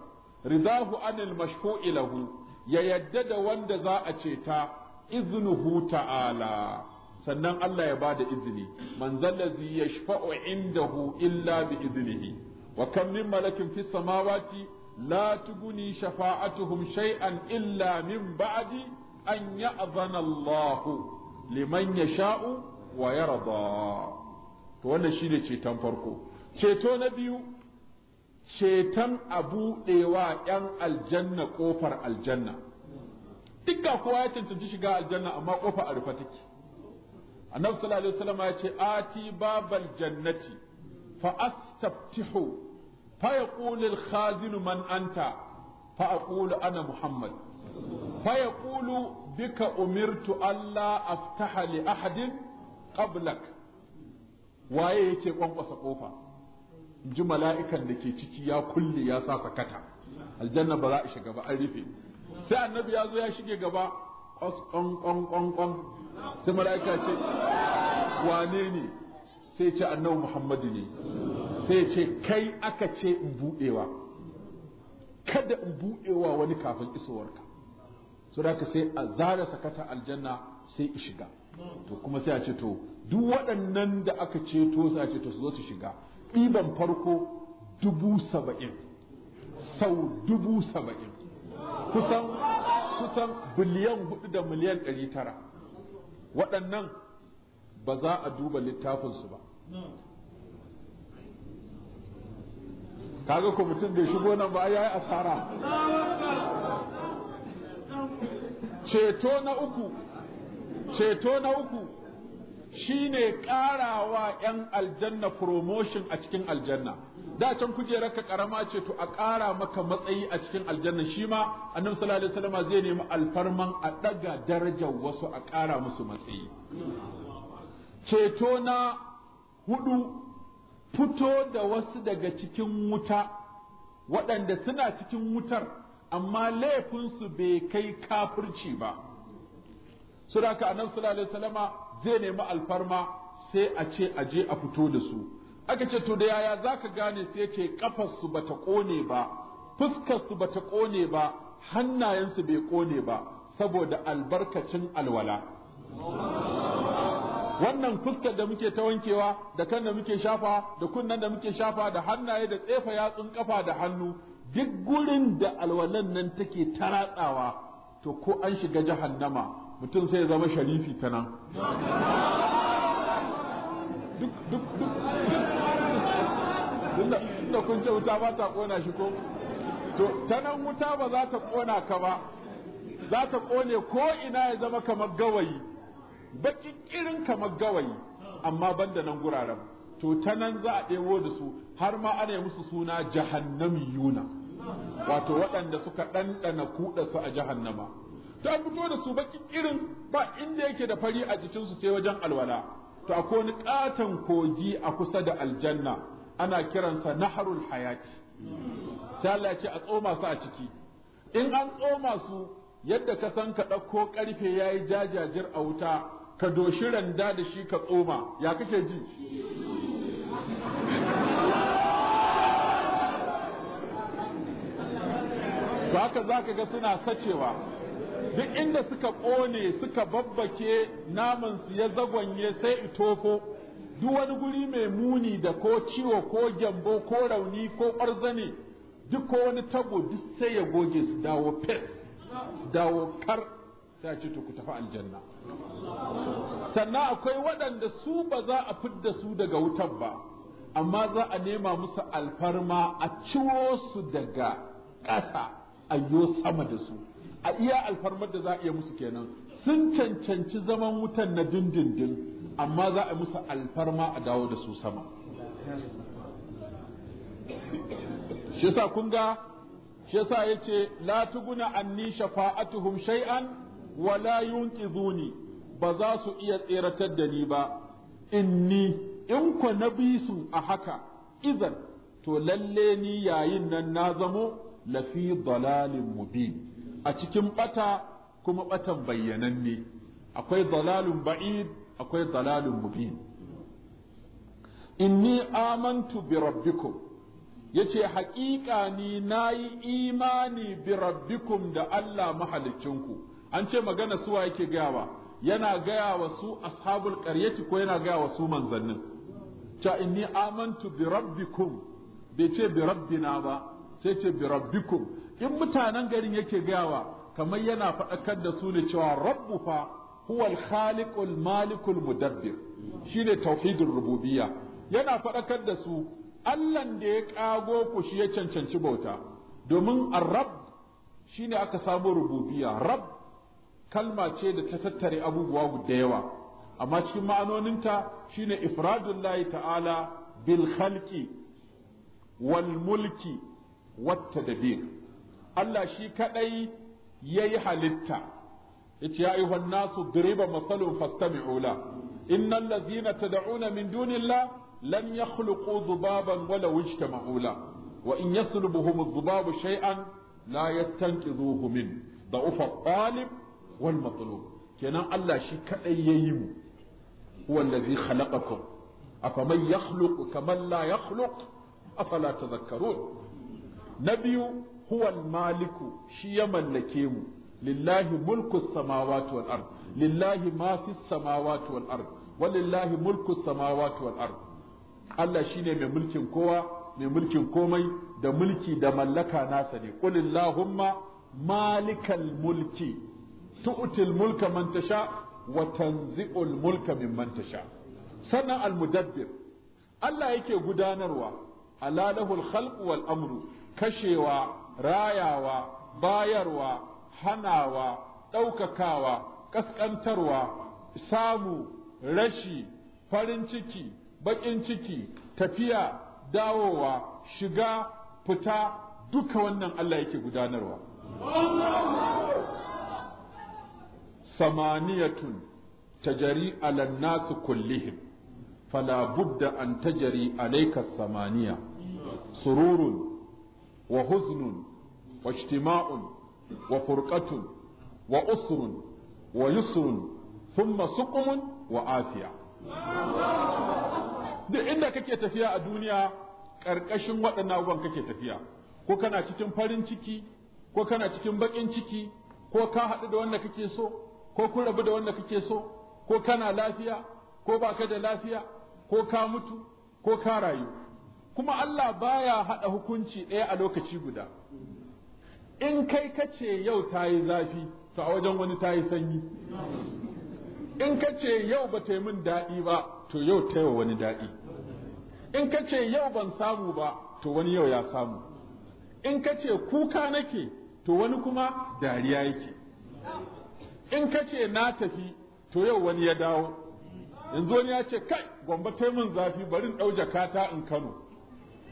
ridahu an mashku ilahu ya yadda da wanda za a ceta iznuhu ta'ala sannan Allah ya bada izini man zallazi yashfa'u indahu illa bi iznihi wa kam min malakin fi samawati la tuguni shafa'atuhum shay'an illa min ba'di an ya'zana Allahu liman sha'u wa raba. to wannan shine ceton farko ceto na biyu ceton a buɗewa ‘yan aljanna ƙofar aljanna dukka kowa ya cancanci shiga aljanna amma ƙofa a rufe take annabi sallallahu alaihi wasallam ya ce ati babal jannati fa astaftihu fa yaqulu man anta fa aqulu ana muhammad fa yaqulu bika umirtu Allah aftaha li ahadin qablak waye yake kwankwasa ƙofa? ji mala'ikan da ke ciki ya kulle ya sa sakata aljanna Bala'isha gaba a an rufe sai annabi ya zo ya shige gaba kwan kwan kwan kwan sai mala'ika ce wane ne sai ce annabi muhammadu ne sai ce kai aka ce in buɗewa kada in buɗewa wani kafin isowarka saboda sai a zara sakata aljanna sai i shiga to kuma sai a ce to duk waɗannan da aka ceto sai a ce to su zo su shiga ɗiban farko dubu saba'in sau dubu saba'in kusan kusan biliyan hudu da miliyan ɗari tara waɗannan ba za a duba littafinsu ba kaga kwamitin da ya shigo nan ba ya yi asara ceto na uku ceto na uku shine karawa yan aljanna promotion a cikin aljanna da can kujerar ka karama ce to a kara maka matsayi a cikin aljanna shi ma annabi sallallahu alaihi wasallam zai nemi alfarman a daga darajar wasu a kara musu matsayi ceto na hudu fito da wasu daga cikin wuta waɗanda suna cikin wutar amma laifinsu bai kai kafirci ba su da ka annabi sallallahu alaihi wasallama zai nemi alfarma sai a ce a je a fito da su aka ce to da yaya zaka gane sai ce kafarsu bata kone ba fuskarsu bata kone ba hannayensu bai kone ba saboda albarkacin alwala wannan fuskar da muke ta wankewa da kan da muke shafa da kunnen da muke shafa da hannaye da tsefa yatsun kafa da hannu duk gurin da alwalan nan take taratsawa to ko an shiga jahannama mutum sai ya zama sharifi ta nan duk duk duk da kun ce wuta ba ta kona shi ko to ta nan wuta ba za ta kona ka ba za ta kone ko ina ya zama kamar gawayi bakin irin kamar gawayi amma banda nan guraren to ta nan za a ɗewo da su har ma ana yi musu suna jahannami yuna wato waɗanda suka ɗanɗana kuɗa su a jahannama to an fito da su baki irin ba inda yake da fari a jikinsu sai wajen alwala to akwai wani ƙaton kogi a kusa da aljanna ana kiransa naharul hayati sai Allah a tsoma su a ciki in an tsoma su yadda ka san ka ɗauko ƙarfe ya yi jajajir a wuta ka doshi randa da shi ka tsoma ya kake ji Ba haka za ka ga suna sacewa duk inda suka ƙone suka babbake namansu ya zagwanye sai itofo duk wani guri mai muni da ko ciwo ko gyambo ko rauni ko ƙwarzane duk ko wani tabo duk sai ya goge su dawo fes su dawo kar ta ce to ku tafi aljanna sannan akwai waɗanda su ba za a fidda su daga wutar ba amma za a nema musu alfarma a ciwo su daga ƙasa a sama da su a iya alfarmar da za a iya musu kenan sun cancanci zaman wutan na dindindin amma za a musu alfarma a dawo da su sama shi sa kun ga shi yasa yace la tuguna anni shafa'atuhum shay'an wa la yunqizuni ba za su iya tseratar da ni ba inni in ku na bi su a haka izan to lalle ni yayin nan na zamo lafi dalalin mubin a cikin bata kuma batan ne akwai dalalun ba'id akwai dalalun mubin inni amantu bi rabbikum yace haƙiƙa ni nayi imani bi rabbikum da Allah mahalicinku an ce magana suwa yake gayawa yana gaya wa su ashabul qaryati ko yana gaya wa su manzannin cha inni amantu bi rabbikum bai ce bi rabbina ba sai ce bi rabbikum in mutanen garin yake gayawa kamar yana faɗakar da su ne cewa rabbu fa huwal khaliqul malikul mudabbir shine tauhidin rububiyya yana faɗakar da su Allahn da ya kago ku shi ya cancanci bauta domin rabb shine aka samo rububiyya rab kalma ce da ta tattare abubuwa guda yawa amma cikin ma'anoninta shine ifradullahi ta'ala bil khalqi wal mulki wata dabir Allah shi kadai yayi halitta yace ya ayyuhan nasu duriba masalun fastami'u la innal ladzina tad'una min dunillah lan yakhluqu dhubaban walau ijtama'u la wa in yaslubuhum adh-dhubabu shay'an la yastanqidhuhu min ضعف الطالب والمطلوب kenan Allah shi kadai yayi mu huwa allazi khalaqakum afaman yakhluqu kaman la yakhluq afala tadhakkarun na biyu huwal maliku shi ya mallake mu lillahi mulku samawati wal ard lillahi ma fi samawati wal ard lillahi mulku samawati wal ard Allah shine mai mulkin kowa mai mulkin komai da mulki da mallaka nasa ne qulillahumma malikal mulki tu'til mulka man tasha wa tanzi'ul mulka mimman tasha sannan al mudabbir Allah yake gudanarwa ala lahul wal amru kashewa rayawa bayarwa hanawa ɗaukakawa ƙasƙantarwa samu rashi farin ciki baƙin ciki tafiya dawowa shiga fita duka wannan Allah yake gudanarwa samaniyatun tajari alan nasu kullihim fala budda an tajari alaika samaniya sururun wa huznun wa وأسر wa ثم wa usrun wa yusrun thumma wa afiya duk inda kake tafiya a duniya ƙarƙashin waɗannan abubuwan kake tafiya ko kana cikin farin ciki ko kana cikin baƙin ciki ko ka haɗu da wanda kake so ko kun rabu da wanda kake so ko kana lafiya ko baka da lafiya ko ka mutu ko ka rayu kuma Allah baya haɗa hukunci ɗaya a lokaci guda in kai kace yau ta yi zafi to a wajen wani ta yi sanyi in kace yau ba ta yi min daɗi ba to yau ta yi wani daɗi in kace yau ban samu ba to wani yau ya samu in kace kuka nake to wani kuma dariya yake in kace na tafi to yau wani ya dawo yanzu wani ya ce kai gwamba ta min zafi bari in ɗau jakata in kano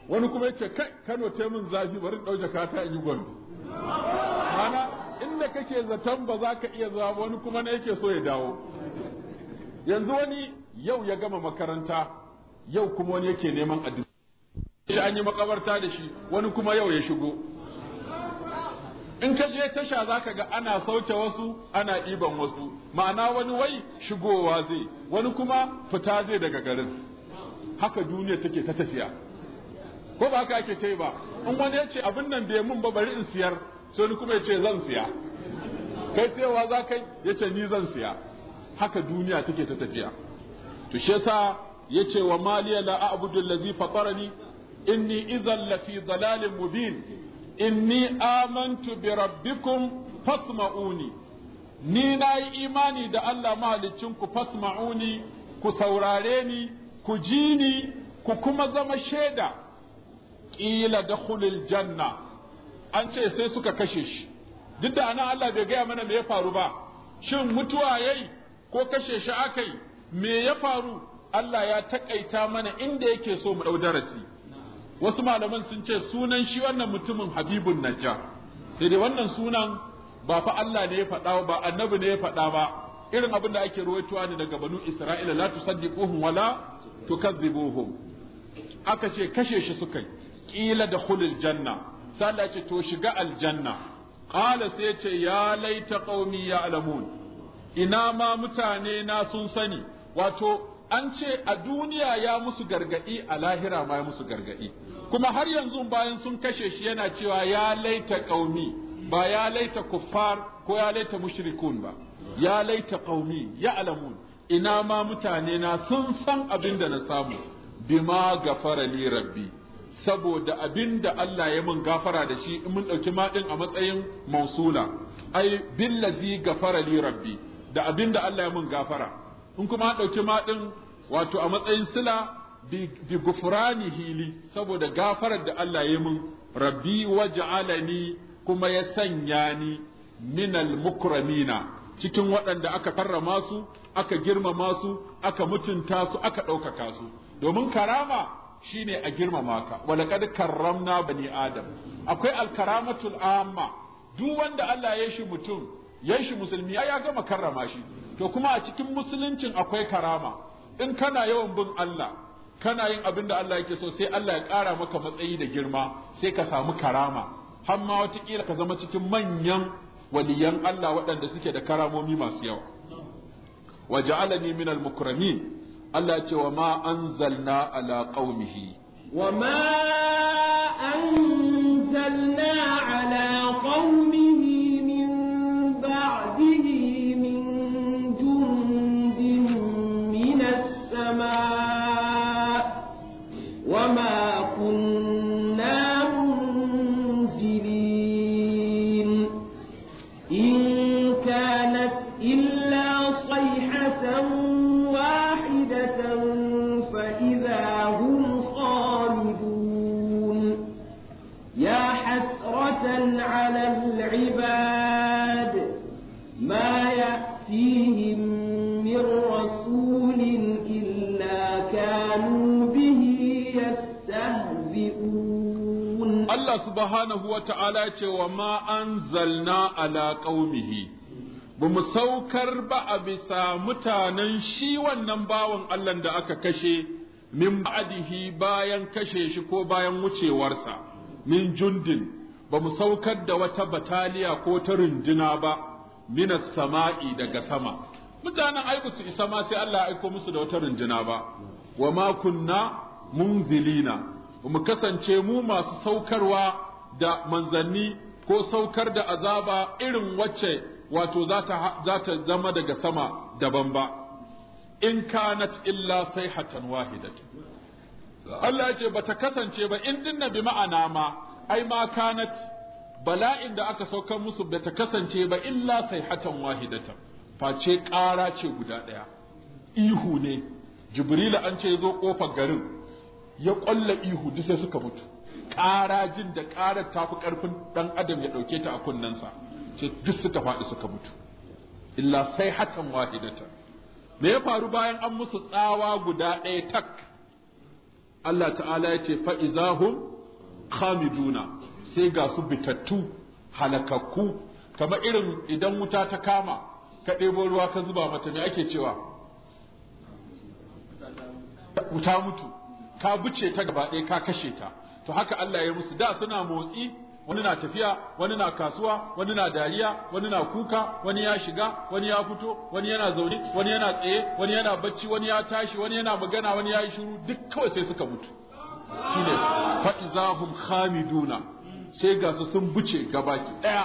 wani kuma yace kai Kano ta min zafi bari dau jakata in yi gombe mana inda kake zaton ba za ka iya zuwa wani kuma na yake so ya dawo yanzu wani yau ya gama makaranta yau kuma wani yake neman addini shi an yi makabarta da shi wani kuma yau ya shigo in ka je tasha za ka ga ana sauke wasu ana iban wasu ma'ana wani wai shigowa zai wani kuma fita zai daga garin haka duniya take ta tafiya ko ba haka ake ta ba in wani ya ce abin nan bai mun ba bari in siyar sai ni kuma ya ce zan siya kai sayawa za kai ya ce ni zan siya haka duniya take ta tafiya to shi yasa ya ce wa maliya la a'budu allazi fatarani inni idhan la fi dalalin mubin inni amantu bi rabbikum fasma'uni ni na yi imani da Allah ku fasma'uni ku saurare ni ku ji ni ku kuma zama shaida kila dakhulil janna an ce sai suka kashe shi duk da anan Allah bai gaya mana me ya faru ba shin mutuwa yayi ko kashe shi akai me ya faru Allah ya takaita mana inda yake so mu ɗau darasi wasu malaman sun ce sunan shi wannan mutumin Habibun Najjar sai dai wannan sunan ba fa Allah ne ya faɗa ba annabi ne ya faɗa ba irin abin da ake ruwaitowa ne daga banu Isra'ila la tusaddiquhum wala tukazzibuhum aka ce kashe shi suka yi ƙila da hulul janna sai to shiga aljanna qala sai ce ya laita qaumi ya alamun ina ma mutane na sun sani wato an ce a duniya ya musu gargadi a lahira ma ya musu gargadi kuma har yanzu bayan sun kashe shi yana cewa ya laita qaumi ba ya laita kuffar ko ya laita mushrikun ba ya laita qaumi ya alamun ina ma mutane na sun san abin da na samu bima gafara li rabbi saboda abin da Allah ya mun gafara da shi in mun ɗauki maɗin a matsayin mausula ai billazi gafara li rabbi da abin da Allah ya mun gafara in kuma ɗauki maɗin wato a matsayin sila bi gufrani hili saboda gafarar da Allah ya mun rabbi waj'alani kuma ya sanya ni minal mukramina cikin waɗanda aka karrama su aka girmama su aka mutunta su aka ɗaukaka su domin karama shine a girmama ka walaqad karramna bani adam akwai alkaramatul amma duk wanda Allah ya shi mutum ya shi musulmi ya gama karrama shi to kuma a cikin musuluncin akwai karama in kana yawan bin Allah kana yin abin da Allah yake so sai Allah ya kara maka matsayi da girma sai ka samu karama har ma watakila ka zama cikin manyan waliyan Allah waɗanda suke da karamomi masu yawa wa ja'alani minal mukramin Allah ce wa ma anzalna ala qaumihi wa ma anzalna ala qaumihi min ba'dihi subhanahu wa ta'ala ce wa ma anzalna ala qaumihi ba mu saukar ba a bisa mutanen shi wannan bawan Allah da aka kashe min ba'dihi bayan kashe shi ko bayan wucewarsa min jundin ba mu saukar da wata bataliya ko ta rundina ba minas sama'i daga sama mutanen ai su isa ma sai Allah ya aiko musu da wata runduna ba wa ma kunna munzilina mu kasance mu masu saukarwa da manzanni ko saukar da azaba irin wacce wato za ta zama daga sama daban ba in kanat illa hatan wahidatu Allah ce ba ta kasance ba in dinna bi ma'ana ma ai ma kanat bala'in da aka saukar musu ba ta kasance ba illa sai hatan wahidata. face ƙara ce guda ɗaya ihu ne jibrila an ce zo ƙofar garin ya ƙwalla ihu duk sai suka mutu ƙara jin da ƙarar tafi ƙarfin ɗan adam ya ɗauke ta a kunnensa Sai duk suka faɗi suka mutu illa sai hatan wahidatan me ya faru bayan an musu tsawa guda ɗaya tak Allah ta'ala ya ce fa'izahum khamiduna sai ga su bitattu halakakku kamar irin idan wuta ta kama ka ɗebo ruwa ka zuba mata me ake cewa wuta mutu ka buce ta gaba ɗaya ka kashe ta to haka Allah ya musu da suna motsi wani na tafiya wani na kasuwa wani na dariya wani na kuka wani ya shiga wani ya fito wani yana zaune wani yana tsaye wani yana bacci wani ya tashi wani yana magana wani ya yi shiru duk kawai sai suka mutu shine fa izahum khamiduna sai ga su sun buce gabaki daya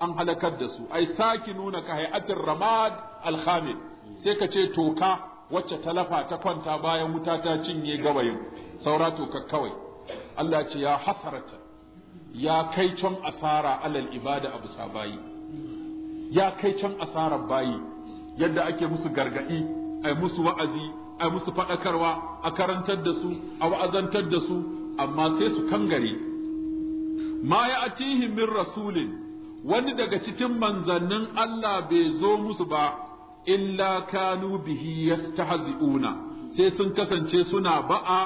an halakar da su ai saki nuna ka hayatir ramad al khamid sai ka ce toka wacce ta lafa ta kwanta bayan wuta ta cinye gabayin saura to ka kawai Allah ce ya hasarata ya kai can asara alal ibada abu sabayi ya kai can asarar bayi yadda ake musu gargadi ai musu wa'azi ai musu faɗakarwa a karantar da su a wa'azantar da su amma sai su kangare ma ya atihim min rasulin wani daga cikin manzannin Allah bai zo musu ba illa kanu bihi yastahzi'una sai sun kasance suna ba'a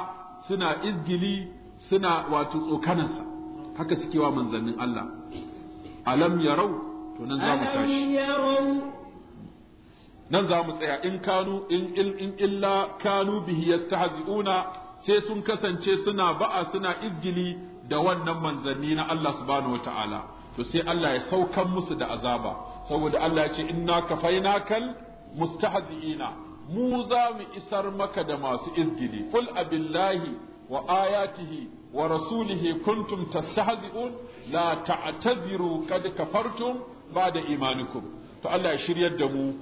suna izgili suna wato tsokanansa haka suke wa manzannin Allah alam yarau to nan za mu tashi nan za mu tsaya in kanu in in illa kanu bihi yastahzi'una sai sun kasance suna ba'a suna izgili da wannan manzanni na Allah subhanahu wata'ala to sai Allah ya saukan musu da azaba saboda Allah ya ce inna kafainakal mustahzi'ina mu za mu isar maka da masu izgili qul abillahi wa ayatihi wa rasulihi kuntum tastahzi'un la ta'taziru qad kafartum ba'da imanikum to Allah ya shiryar da mu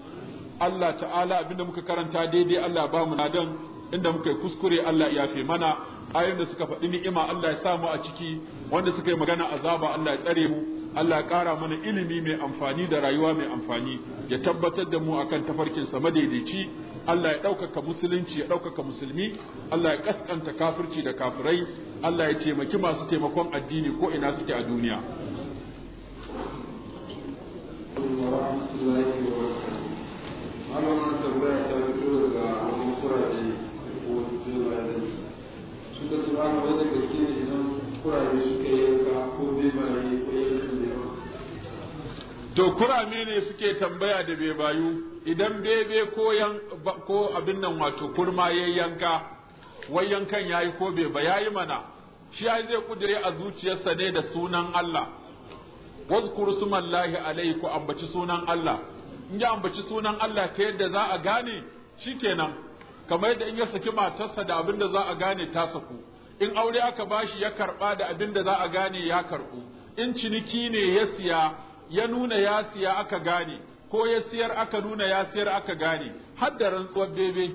Allah ta'ala abinda muka karanta daidai Allah ba mu nadan inda muka yi kuskure Allah ya fi mana ayoyin da suka faɗi ni'ima Allah ya samu a ciki wanda suka yi magana azaba Allah ya tsare mu Allah ya ƙara mana ilimi mai amfani da rayuwa mai amfani ya tabbatar da mu akan tafarkinsa madaidaici Allah ya ɗaukaka musulunci ya ɗaukaka musulmi Allah ya ƙasƙanta kafirci da kafirai Allah ya taimaki masu taimakon addini ko ina suke a duniya suka gaske suka yi to kurame ne suke tambaya da bai bayu idan bebe ko yan ko abin nan wato kurma yayi yanka wai yankan yayi ko bai ba yayi mana shi ai zai kudire a zuciyarsa ne da sunan Allah wazkur sumallahi alaihi ku ambaci sunan Allah in ya ambaci sunan Allah ta yadda za a gane shikenan kamar yadda in ya saki matarsa da abin da za a gane ta saku in aure aka bashi ya karba da abin da za a gane ya karbu in ciniki ne ya siya ya nuna ya siya aka gane ko ya siyar aka nuna ya siyar aka gane har da rantsuwar bebe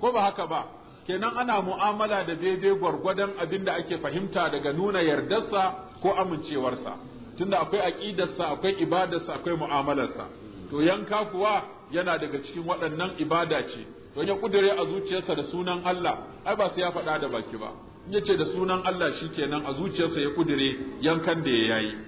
ko ba haka ba kenan ana mu'amala da bebe gwargwadon abin da ake fahimta daga nuna yardarsa ko amincewarsa tunda akwai aƙidarsa akwai ibadarsa akwai mu'amalarsa to yanka kuwa yana daga cikin waɗannan ibada ce to ya kudure a zuciyarsa da sunan Allah ai ba sai ya faɗa da baki ba in yace da sunan Allah shikenan a zuciyarsa ya kudure yankan da ya yayi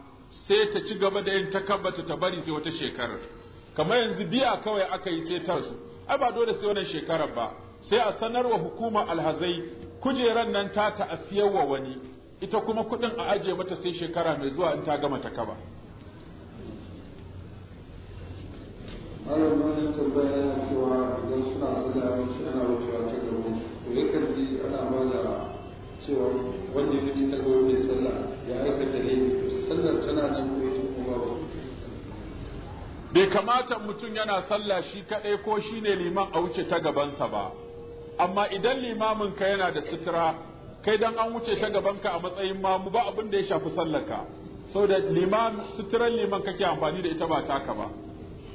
sai ta ci gaba da yin takabbata ta bari sai wata shekarar kamar yanzu biya kawai aka yi sai ta su ai ba dole sai wannan shekarar ba sai a sanar wa hukumar alhazai kujeran nan ta ta a wa wani ita kuma kudin a ajiye mata sai shekara mai zuwa in ta gama ta kaba wani cewa ta wanda ya ta sallah ya aikata ne sunnar tana nan ko ita kuma ba bai kamata mutum yana sallah shi kaɗai ko shi ne liman a wuce ta gabansa ba amma idan limamin ka yana da sutura kai dan an wuce ta gabanka a matsayin mamu ba abin da ya shafi sallarka saboda liman suturan liman kake amfani da ita ba taka ba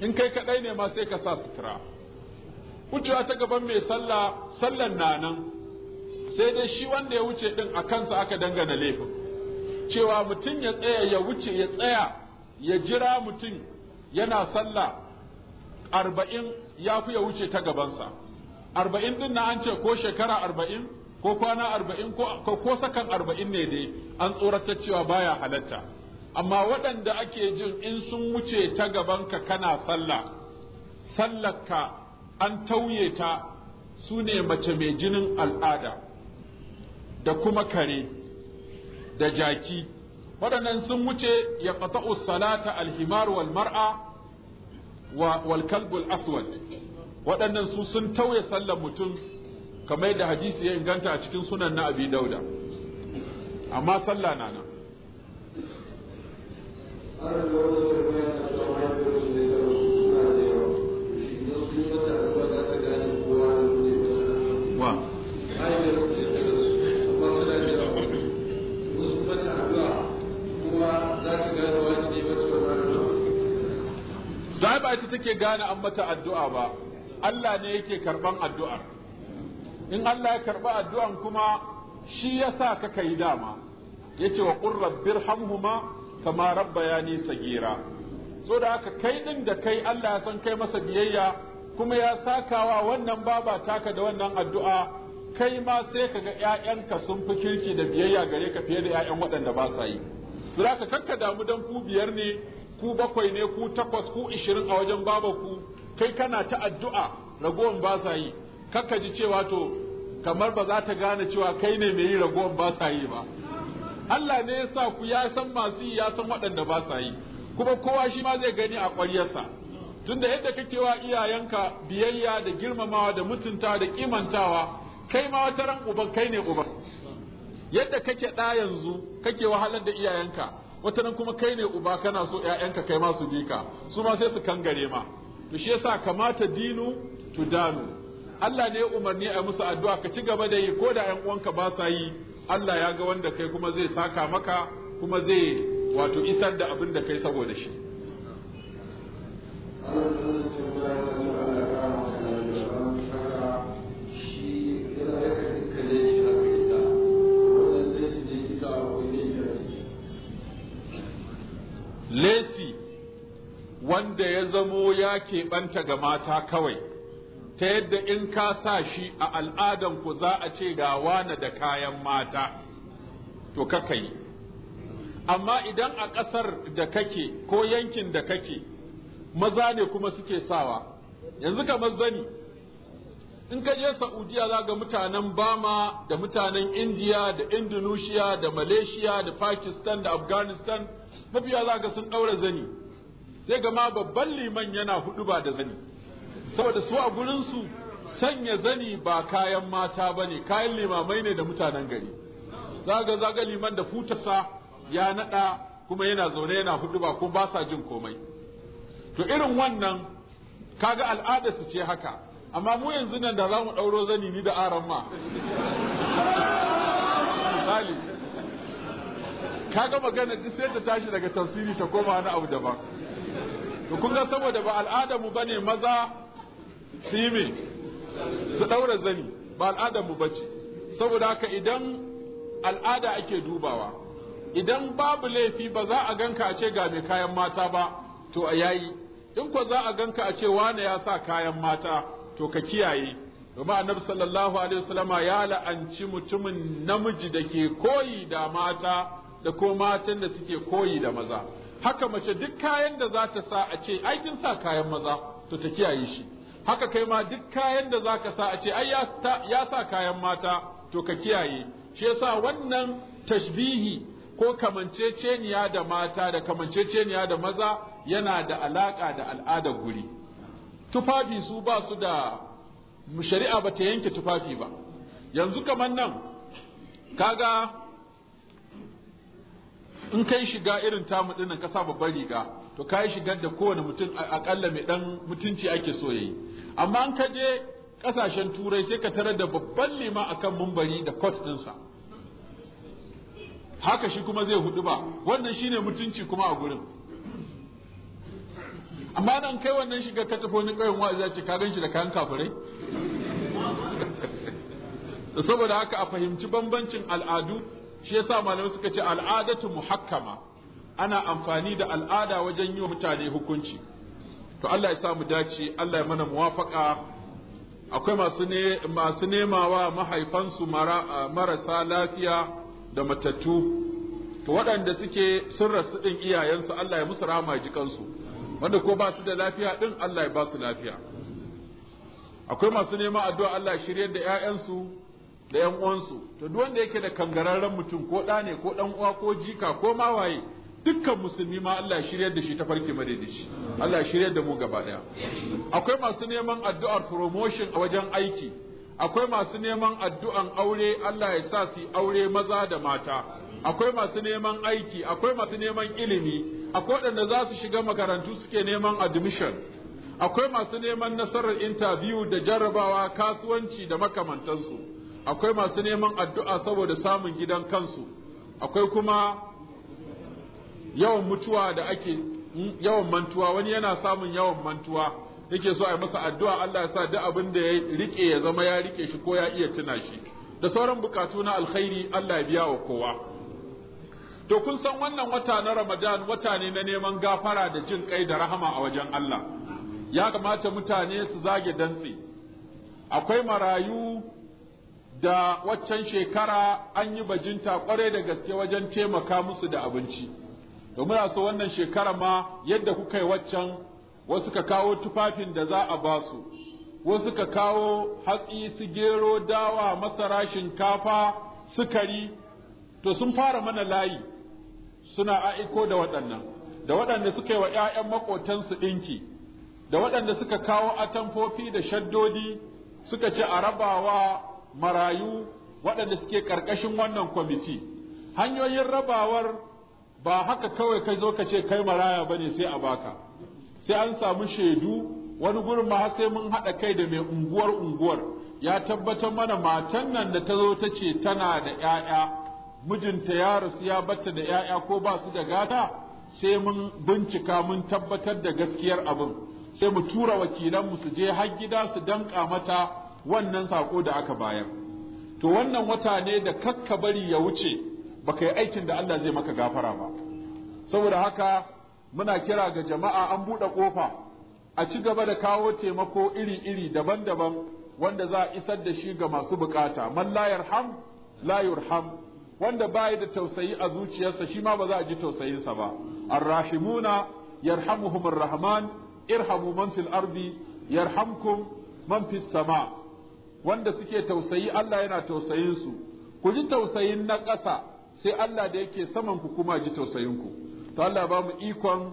in kai kaɗai ne ma sai ka sa sutura wucewa ta gaban mai sallah sallan na nan sai dai shi wanda ya wuce ɗin a kansa aka dangana laifin cewa mutum ya tsaya ya wuce ya tsaya ya jira mutum yana sallah arba'in ya fi ya wuce ta gabansa arba'in din na an ce ko shekara arba'in ko kwana arba'in ko sakan arba'in ne dai an tsoratar cewa baya halatta amma waɗanda ake jin in sun wuce ta gabanka kana sallah sallarka an tauye ta su ne mace mai jinin al'ada da kuma kare da jaki waɗannan sun wuce ya qata'u salata alhimar wal mar'a wal kalbul aswad waɗannan su sun tauye sallar mutum kamar da hadisi ya inganta a cikin sunan na abi dauda amma sallah na ita take gane an mata addu'a ba Allah ne yake karban addu'ar in Allah ya karba addu'an kuma shi ya sa ka yi dama Ya ce wa qur rabbirhamhuma kama nisa gira so da haka kai ɗin da kai Allah ya san kai masa biyayya kuma ya sakawa wannan baba taka da wannan addu'a kai ma sai ka ga yayanka sun fi kirki da biyayya gare ka fiye da 'ya'yan waɗanda ba sa yi. Sura ka kanka damu dan ku biyar ne ku bakwai ne ku takwas ku ishirin a wajen baba ku kai kana ta addu'a ragowan ba sa yi kakka ji cewa to kamar ba za ta gane cewa kai ne mai yi ragowan ba sa yi ba Allah ne ya sa ku ya san masu yi ya san waɗanda ba sa yi kuma kowa shi ma zai gani a ƙwaryarsa tunda yadda kake wa iyayenka biyayya da girmamawa da mutunta da kimantawa kai ma wata ran uban kai ne uban yadda kake ɗa yanzu kake wahalar da iyayenka wata nan kuma kai ne uba kana so ƴaƴanka kai ma su bi su ma sai su kangare ma to shi yasa kamata dinu tu danu. Allah ne ya umarni a musu addu'a ka ci gaba da yi ko da ƴan uwanka ba sa yi Allah ya ga wanda kai kuma zai saka maka kuma zai wato isar da abin da kai saboda shi lesi wanda ya zamo ya keɓanta ga mata kawai ta yadda in ka sa shi a al'adan ku za a ce ga wane da kayan mata to kaka yi amma idan a ƙasar da kake ko yankin da kake maza ne kuma suke sawa yanzu kamar zani in ka je Saudiya za ga mutanen Bama da mutanen indiya da Indonesia da Malaysia da Pakistan da Afghanistan mafiya za ka sun ɗaura zani sai gama babban liman yana hudu ba da zani saboda su a gurinsu sanya zani ba kayan mata ba ne kayan limamai ne da mutanen gari zaga zaga liman da futasa ya naɗa kuma yana zaune yana hudu ba ko ba sa jin komai to irin wannan kaga al'ada su ce haka amma mu yanzu nan da za mu ɗauro zani ni da aran ma kaga magana duk sai ta tashi daga tafsiri ta koma wani abu daban to kun ga saboda ba al'adar mu bane maza su yi me su daura zani ba al'adar mu bace saboda haka idan al'ada ake dubawa idan babu laifi ba za a ganka a ce ga mai kayan mata ba to a yayi in ko za a ganka a ce wane ya sa kayan mata to ka kiyaye domin annabi sallallahu alaihi wasallama ya la'anci mutumin namiji da ke koyi da mata da ko matan da suke koyi da maza haka mace duk kayan da za ta sa a ce ai kin sa kayan maza to ta kiyaye shi haka kai ma duk kayan da za ka sa a ce ai ya sa kayan mata to ka kiyaye shi yasa wannan tashbihi ko kamanceceniya da mata da kamanceceniya da maza yana da alaka da al'ada guri tufafi su ba su da shari'a ba ta yanke tufafi ba yanzu kamar nan kaga in kai shiga irin tamu dinnan ka sa babbar riga to ka yi shigar da kowane mutum akalla mai dan mutunci ake so yayi amma in ka je kasashen turai sai ka tarar da babban lima akan mumbari da kot dinsa haka shi kuma zai hudu ba wannan shine mutunci kuma a gurin amma nan kai wannan shiga ka tafi wani kayan wa'azi ya ce ka gan shi da kayan kafirai saboda haka a fahimci bambancin al'adu shi ya sa malamai suka ce al'adatu muhakkama ana amfani da al'ada wajen yi wa mutane hukunci to Allah ya samu dace Allah ya mana muwafaka akwai masu ne masu nemawa mahaifansu marasa lafiya da matattu to waɗanda suke sun rasu ɗin iyayensu Allah ya musu rama jikansu wanda ko ba su da lafiya ɗin Allah ya ba su lafiya akwai masu neman addu'a Allah ya shiryar da 'ya'yansu da yan uwansu to duk wanda yake da kangararren mutum ko ɗa ne ko ɗan uwa ko jika ko ma waye dukkan musulmi ma Allah shiryar da shi ta farke farki shi. Allah shiryar da mu gaba daya akwai masu neman addu'ar promotion a wajen aiki akwai masu neman addu'an aure Allah ya sa su aure maza da mata akwai masu neman aiki akwai masu neman ilimi akwai waɗanda za su shiga makarantu suke neman admission akwai masu neman nasarar interview da jarrabawa kasuwanci da makamantansu akwai masu neman addu'a saboda samun gidan kansu akwai kuma yawan mutuwa da ake hmm, yawan mantuwa wani yana samun yawan mantuwa yake so a yi masa addu'a Allah ya sa duk abin da ya rike ya zama ya rike shi ko ya iya tuna shi da sauran bukatu na alkhairi Allah ya biya wa kowa to kun san wannan wata na Ramadan wata ne na neman gafara da jin kai da rahama a wajen Allah ya kamata mutane su zage dantse akwai marayu da waccan shekara an yi bajinta kwarai da gaske wajen taimaka musu da abinci domin muna so wannan shekara ma yadda kuka yi waccan wasu ka kawo tufafin da za a ba su wasu ka kawo hatsi su gero dawa masara shinkafa sukari to sun fara mana layi suna aiko da waɗannan da waɗanda suka yi wa 'ya'yan maƙotansu ɗinki da waɗanda suka kawo atamfofi da shaddodi suka ce a rabawa marayu waɗanda suke ƙarƙashin wannan kwamiti hanyoyin rabawar ba haka kawai kai zo ka ce kai maraya ba ne sai a baka sai an samu shaidu wani gurin ma sai mun haɗa kai da mai unguwar unguwar ya tabbatar mana matan nan da ta zo ta ce tana da 'ya'ya mijinta ya rasu ya batta da 'ya'ya ko ba su da gata sai mun bincika mun tabbatar da gaskiyar abin sai mu tura wakilanmu su je har gida su danƙa mata wannan sako da aka bayar to wannan wata ne da kakka bari ya wuce baka yi aikin da Allah zai maka gafara ba saboda haka muna kira ga jama'a an buɗe ƙofa a ci gaba da kawo taimako iri-iri daban-daban wanda za a isar da shi ga masu bukata man la yarham la yurham wanda bai da tausayi a zuciyarsa shi ma ba za a ji tausayinsa ba arrahimuna yarhamuhumur rahman irhamu man fil ardi yarhamkum man fis sama wanda suke tausayi Allah yana tausayin su ku ji tausayin na ƙasa sai Allah da yake saman ku kuma ji tausayin ku to Allah ba mu ikon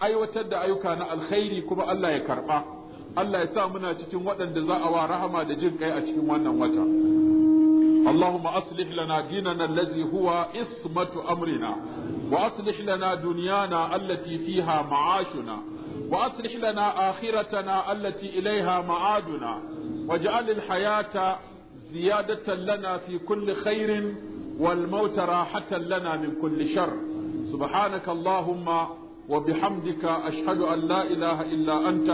aiwatar da ayyuka na alkhairi kuma Allah ya karba Allah ya sa muna cikin waɗanda za a wa rahama da jin kai a cikin wannan wata اللهم أصلح لنا ديننا الذي هو إصمة أمرنا وأصلح لنا دنيانا التي فيها معاشنا وأصلح لنا آخرتنا التي إليها معادنا واجعل الحياة زيادة لنا في كل خير والموت راحة لنا من كل شر سبحانك اللهم وبحمدك أشهد أن لا إله إلا أنت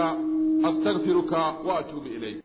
أستغفرك وأتوب إليك